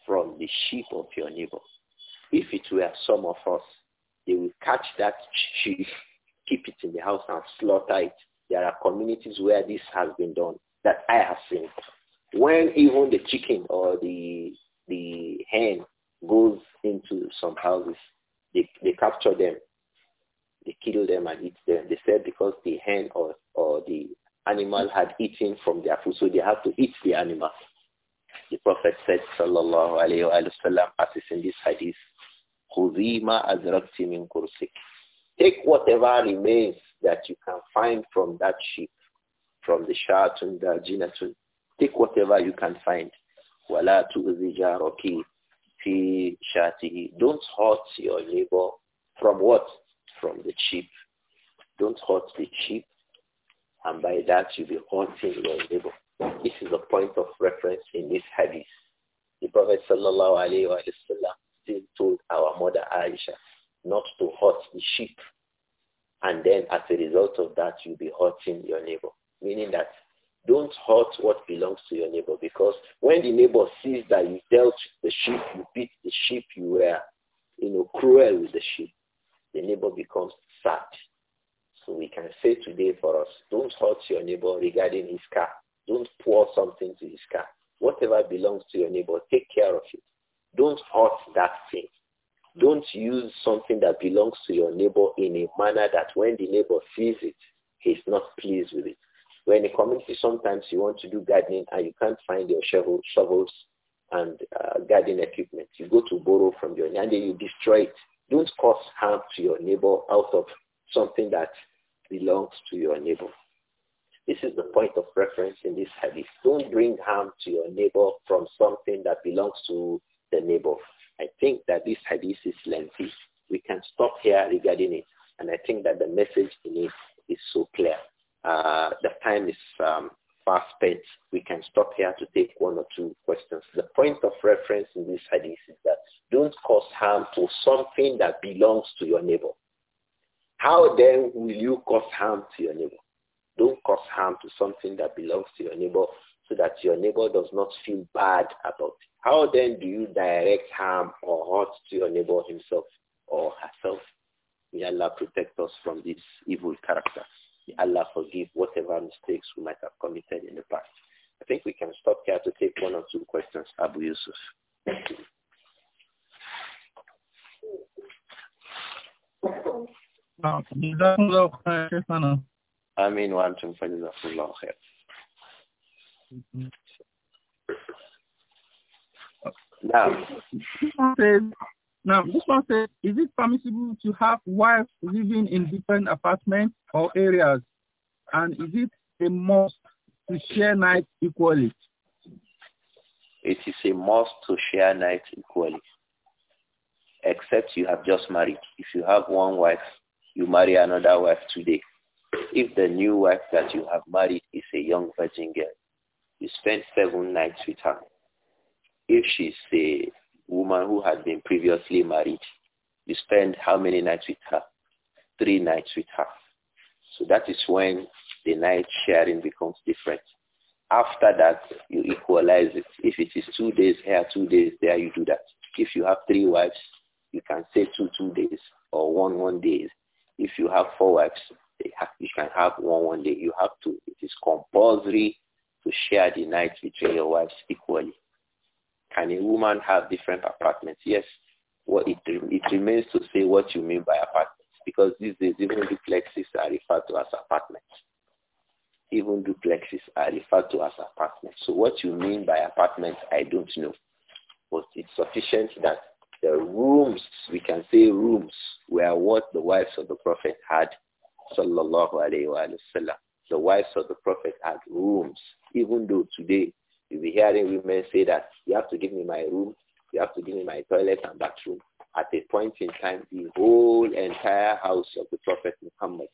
from the sheep of your neighbor. If it were some of us, they will catch that sheep, keep it in the house and slaughter it there are communities where this has been done that I have seen. When even the chicken or the the hen goes into some houses, they, they capture them, they kill them and eat them. They said because the hen or, or the animal had eaten from their food, so they have to eat the animal. The Prophet said, sallallahu alayhi wasallam, as is in this hadith, خُذِي Take whatever remains that you can find from that sheep, from the shatun, the jinatun. Take whatever you can find. Wala tu'zi fi shatihi. Don't hurt your neighbor from what? From the sheep. Don't hurt the sheep. And by that you'll be hurting your neighbor. This is a point of reference in this hadith. The Prophet sallallahu alayhi wa sallam still told our mother Aisha, not to hurt the sheep. And then as a result of that, you'll be hurting your neighbor. Meaning that don't hurt what belongs to your neighbor because when the neighbor sees that you dealt the sheep, you beat the sheep, you were, you know, cruel with the sheep, the neighbor becomes sad. So we can say today for us, don't hurt your neighbor regarding his car. Don't pour something to his car. Whatever belongs to your neighbor, take care of it. Don't hurt that thing. Don't use something that belongs to your neighbor in a manner that when the neighbor sees it, he's not pleased with it. When in a community, sometimes you want to do gardening and you can't find your shovel, shovels and uh, garden equipment. You go to borrow from your neighbor and then you destroy it. Don't cause harm to your neighbor out of something that belongs to your neighbor. This is the point of reference in this hadith. Don't bring harm to your neighbor from something that belongs to the neighbor. I think that this hadith is lengthy. We can stop here regarding it. And I think that the message in it is so clear. Uh, the time is um, fast spent. We can stop here to take one or two questions. The point of reference in this hadith is that don't cause harm to something that belongs to your neighbor. How then will you cause harm to your neighbor? Don't cause harm to something that belongs to your neighbor so that your neighbor does not feel bad about it. How then do you direct harm or hurt to your neighbor himself or herself? May Allah protect us from this evil character. May Allah forgive whatever mistakes we might have committed in the past. I think we can stop here to take one or two questions, Abu Yusuf. Thank you. فجزاكم الله خير no. This one says, now, this one says, is it permissible to have wives living in different apartments or areas? And is it a must to share night equally? It is a must to share night equally, except you have just married. If you have one wife, you marry another wife today. If the new wife that you have married is a young virgin girl, you spent seven nights with her. If she's a woman who had been previously married, you spend how many nights with her? Three nights with her. So that is when the night sharing becomes different. After that, you equalize it. If it is two days here, two days there, you do that. If you have three wives, you can say two, two days or one, one days. If you have four wives, you can have one, one day. You have to. It is compulsory to share the night between your wives equally. Can a woman have different apartments? Yes. What it, it remains to say what you mean by apartments because these days even duplexes are referred to as apartments. Even duplexes are referred to as apartments. So what you mean by apartments, I don't know. But it's sufficient that the rooms, we can say rooms, were what the wives of the Prophet had, sallallahu alayhi wa sallam the wives of the prophet had rooms. Even though today you'll be hearing women say that you have to give me my room, you have to give me my toilet and bathroom. At a point in time, the whole entire house of the Prophet Muhammad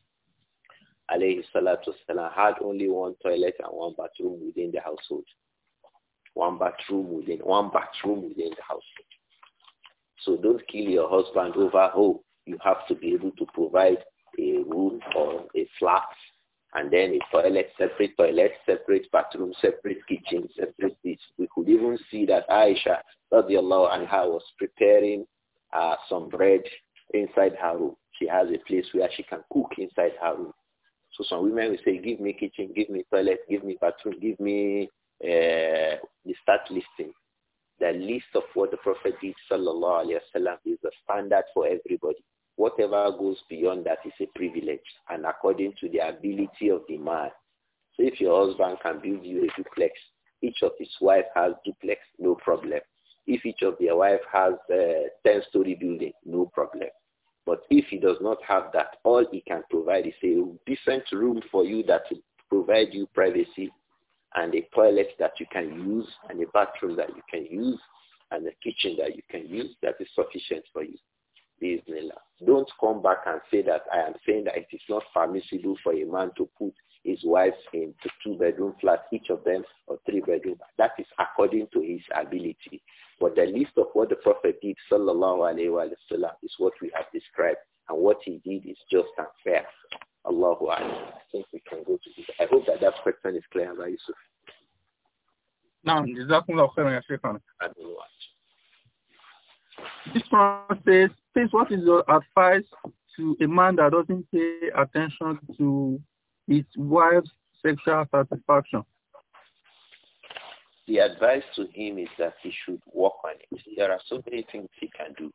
alayhi salatu salam, had only one toilet and one bathroom within the household. One bathroom within one bathroom within the household. So don't kill your husband over, oh, you have to be able to provide a room or a flat and then a toilet, separate toilet, separate bathroom, separate kitchen, separate this. We could even see that Aisha, radiallahu anha, was preparing uh, some bread inside her room. She has a place where she can cook inside her room. So some women will say, give me kitchen, give me toilet, give me bathroom, give me, uh, they start listing. The list of what the Prophet did, sallallahu alayhi wasallam, is the standard for everybody. Whatever goes beyond that is a privilege and according to the ability of the man. So if your husband can build you a duplex, each of his wife has duplex, no problem. If each of their wife has a uh, 10-story building, no problem. But if he does not have that, all he can provide is a decent room for you that will provide you privacy and a toilet that you can use and a bathroom that you can use and a kitchen that you can use that is sufficient for you. Don't come back and say that I am saying that it is not permissible for a man to put his wife in two-bedroom flat, each of them, or three-bedroom. That is according to his ability. But the list of what the Prophet did, sallallahu alayhi wa sallam, is what we have described. And what he did is just and fair. Allahu I think we can go to this. I hope that that question is clear, Yusuf. Now, this one says, please, what is your advice to a man that doesn't pay attention to his wife's sexual satisfaction? The advice to him is that he should work on it. There are so many things he can do.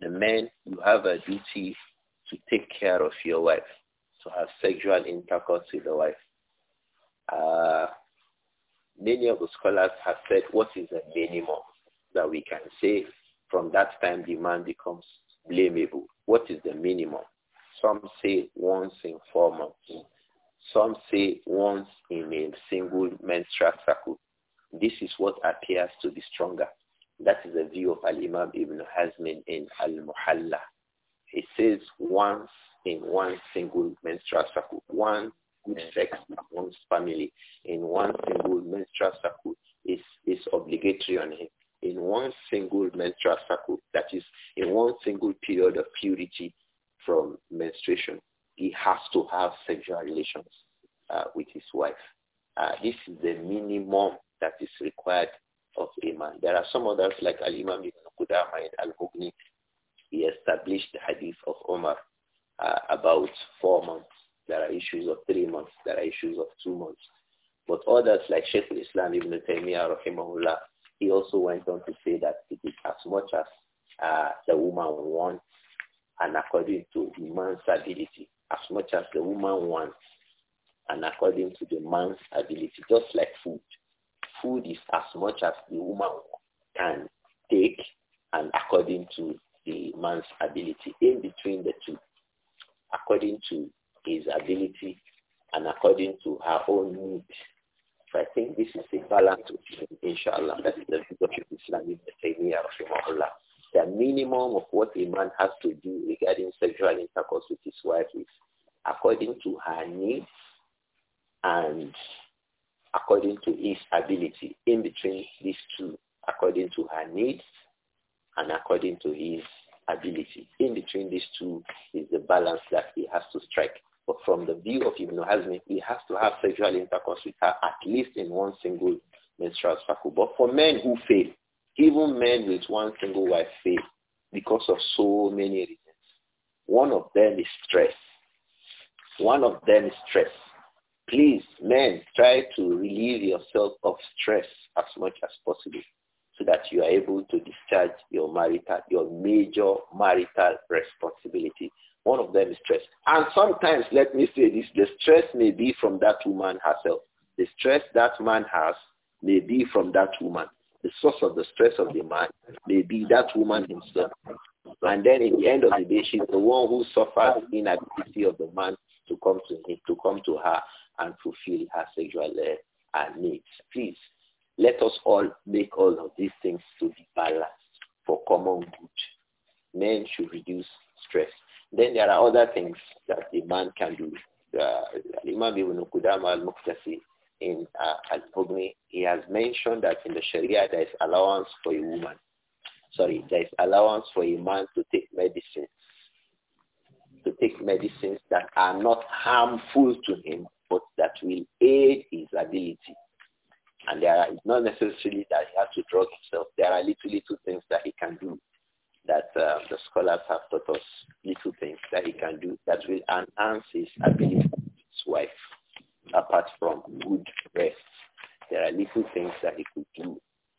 The man, you have a duty to take care of your wife, to have sexual intercourse with the wife. Uh, many of the scholars have said, what is the minimum that we can say from that time, the man becomes blamable. What is the minimum? Some say once in four months. Some say once in a single menstrual cycle. This is what appears to be stronger. That is the view of Al-Imam Ibn Hazm in Al-Muhalla. He says once in one single menstrual cycle, one good sex amongst family in one single menstrual cycle is, is obligatory on him in one single menstrual cycle, that is, in one single period of purity from menstruation, he has to have sexual relations uh, with his wife. Uh, this is the minimum that is required of a man. There are some others like Al-Imam Ibn Qudama and Al-Hugni. He established the hadith of Omar uh, about four months. There are issues of three months. There are issues of two months. But others like Sheikh al-Islam Ibn Taymiyyah, rahimahullah, he also went on to say that it is as much as uh, the woman wants and according to the man's ability, as much as the woman wants and according to the man's ability, just like food. Food is as much as the woman can take and according to the man's ability in between the two, according to his ability and according to her own need so I think this is the balance of inshallah. That's the philosophy of Islam in Taymiyyah, rahimahullah. The minimum of what a man has to do regarding sexual intercourse with his wife is according to her needs and according to his ability in between these two, according to her needs and according to his ability. In between these two is the balance that he has to strike. But from the view of Ibn Hazmi, he has to have sexual intercourse with her at least in one single menstrual cycle. But for men who fail, even men with one single wife fail because of so many reasons. One of them is stress. One of them is stress. Please, men, try to relieve yourself of stress as much as possible so that you are able to discharge your marital, your major marital responsibility one of them is stress. And sometimes, let me say this, the stress may be from that woman herself. The stress that man has may be from that woman. The source of the stress of the man may be that woman himself. And then in the end of the day, she's the one who suffers inability of the man to come to him, to come to her and fulfill her sexual uh, needs. Please, let us all make all of these things to be balanced for common good. Men should reduce stress. Then there are other things that the man can do. Imam Ibn Qudama al-Muqtasi in uh, Al-Bughni, he has mentioned that in the Sharia there is allowance for a woman. Sorry, there is allowance for a man to take medicines, to take medicines that are not harmful to him, but that will aid his ability. And there are, it's not necessarily that he has to drug himself. There are little, little things that he can do that um, the scholars have taught us little things that he can do that will enhance his ability his wife. Apart from good rest, there are little things that he could do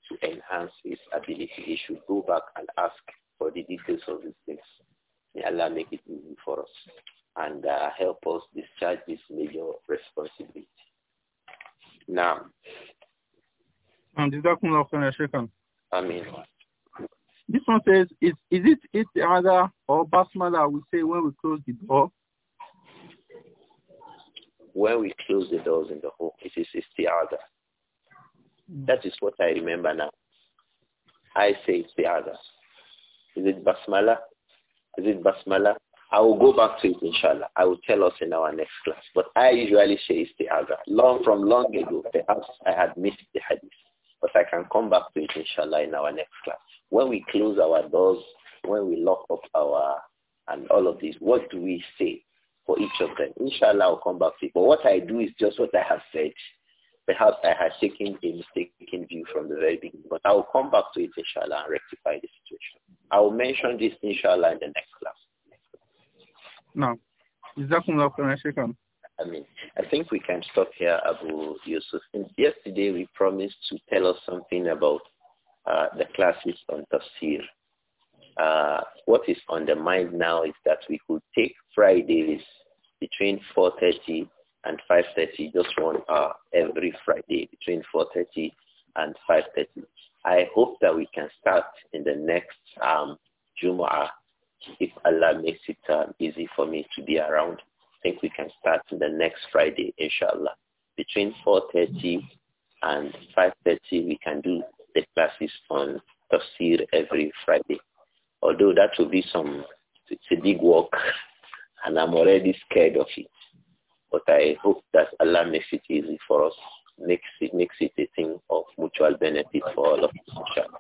to enhance his ability. He should go back and ask for the details of these things. May Allah make it easy for us and uh, help us discharge this major responsibility. Now. I mean. This one says, is, is it it other or basmala we say when we close the door? When we close the doors in the home, it is the hmm. other. That is what I remember now. I say it's other. Is it basmala? Is it basmala? I will go back to it, inshallah. I will tell us in our next class. But I usually say it's other. Long from long ago, perhaps I had missed the hadith. But I can come back to it, inshallah, in our next class. When we close our doors, when we lock up our, and all of this, what do we say for each of them? Inshallah, I'll come back to it. But what I do is just what I have said. Perhaps I had taken a mistaken view from the very beginning, but I will come back to it, inshallah, and rectify the situation. I will mention this, inshallah, in the next class. Next class. No. I mean, I think we can stop here, Abu Yusuf. Since yesterday we promised to tell us something about uh, the classes on tafsir. Uh, what is on the mind now is that we could take Fridays between 4.30 and 5.30, just one hour every Friday between 4.30 and 5.30. I hope that we can start in the next um, Jumu'ah if Allah makes it uh, easy for me to be around think we can start the next Friday, inshallah. Between 4.30 and 5.30, we can do the classes on tafsir every Friday. Although that will be some, it's a big work, and I'm already scared of it. But I hope that Allah makes it easy for us, makes it, makes it a thing of mutual benefit for all of us, inshallah.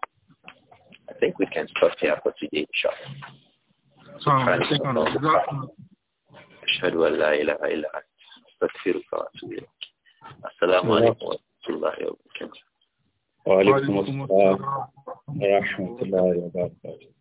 I think we can stop here for today, inshallah. So, أشهد أن لا إله إلا أنت أستغفرك وأتوب إليك السلام عليكم ورحمة الله وبركاته وعليكم السلام ورحمة الله وبركاته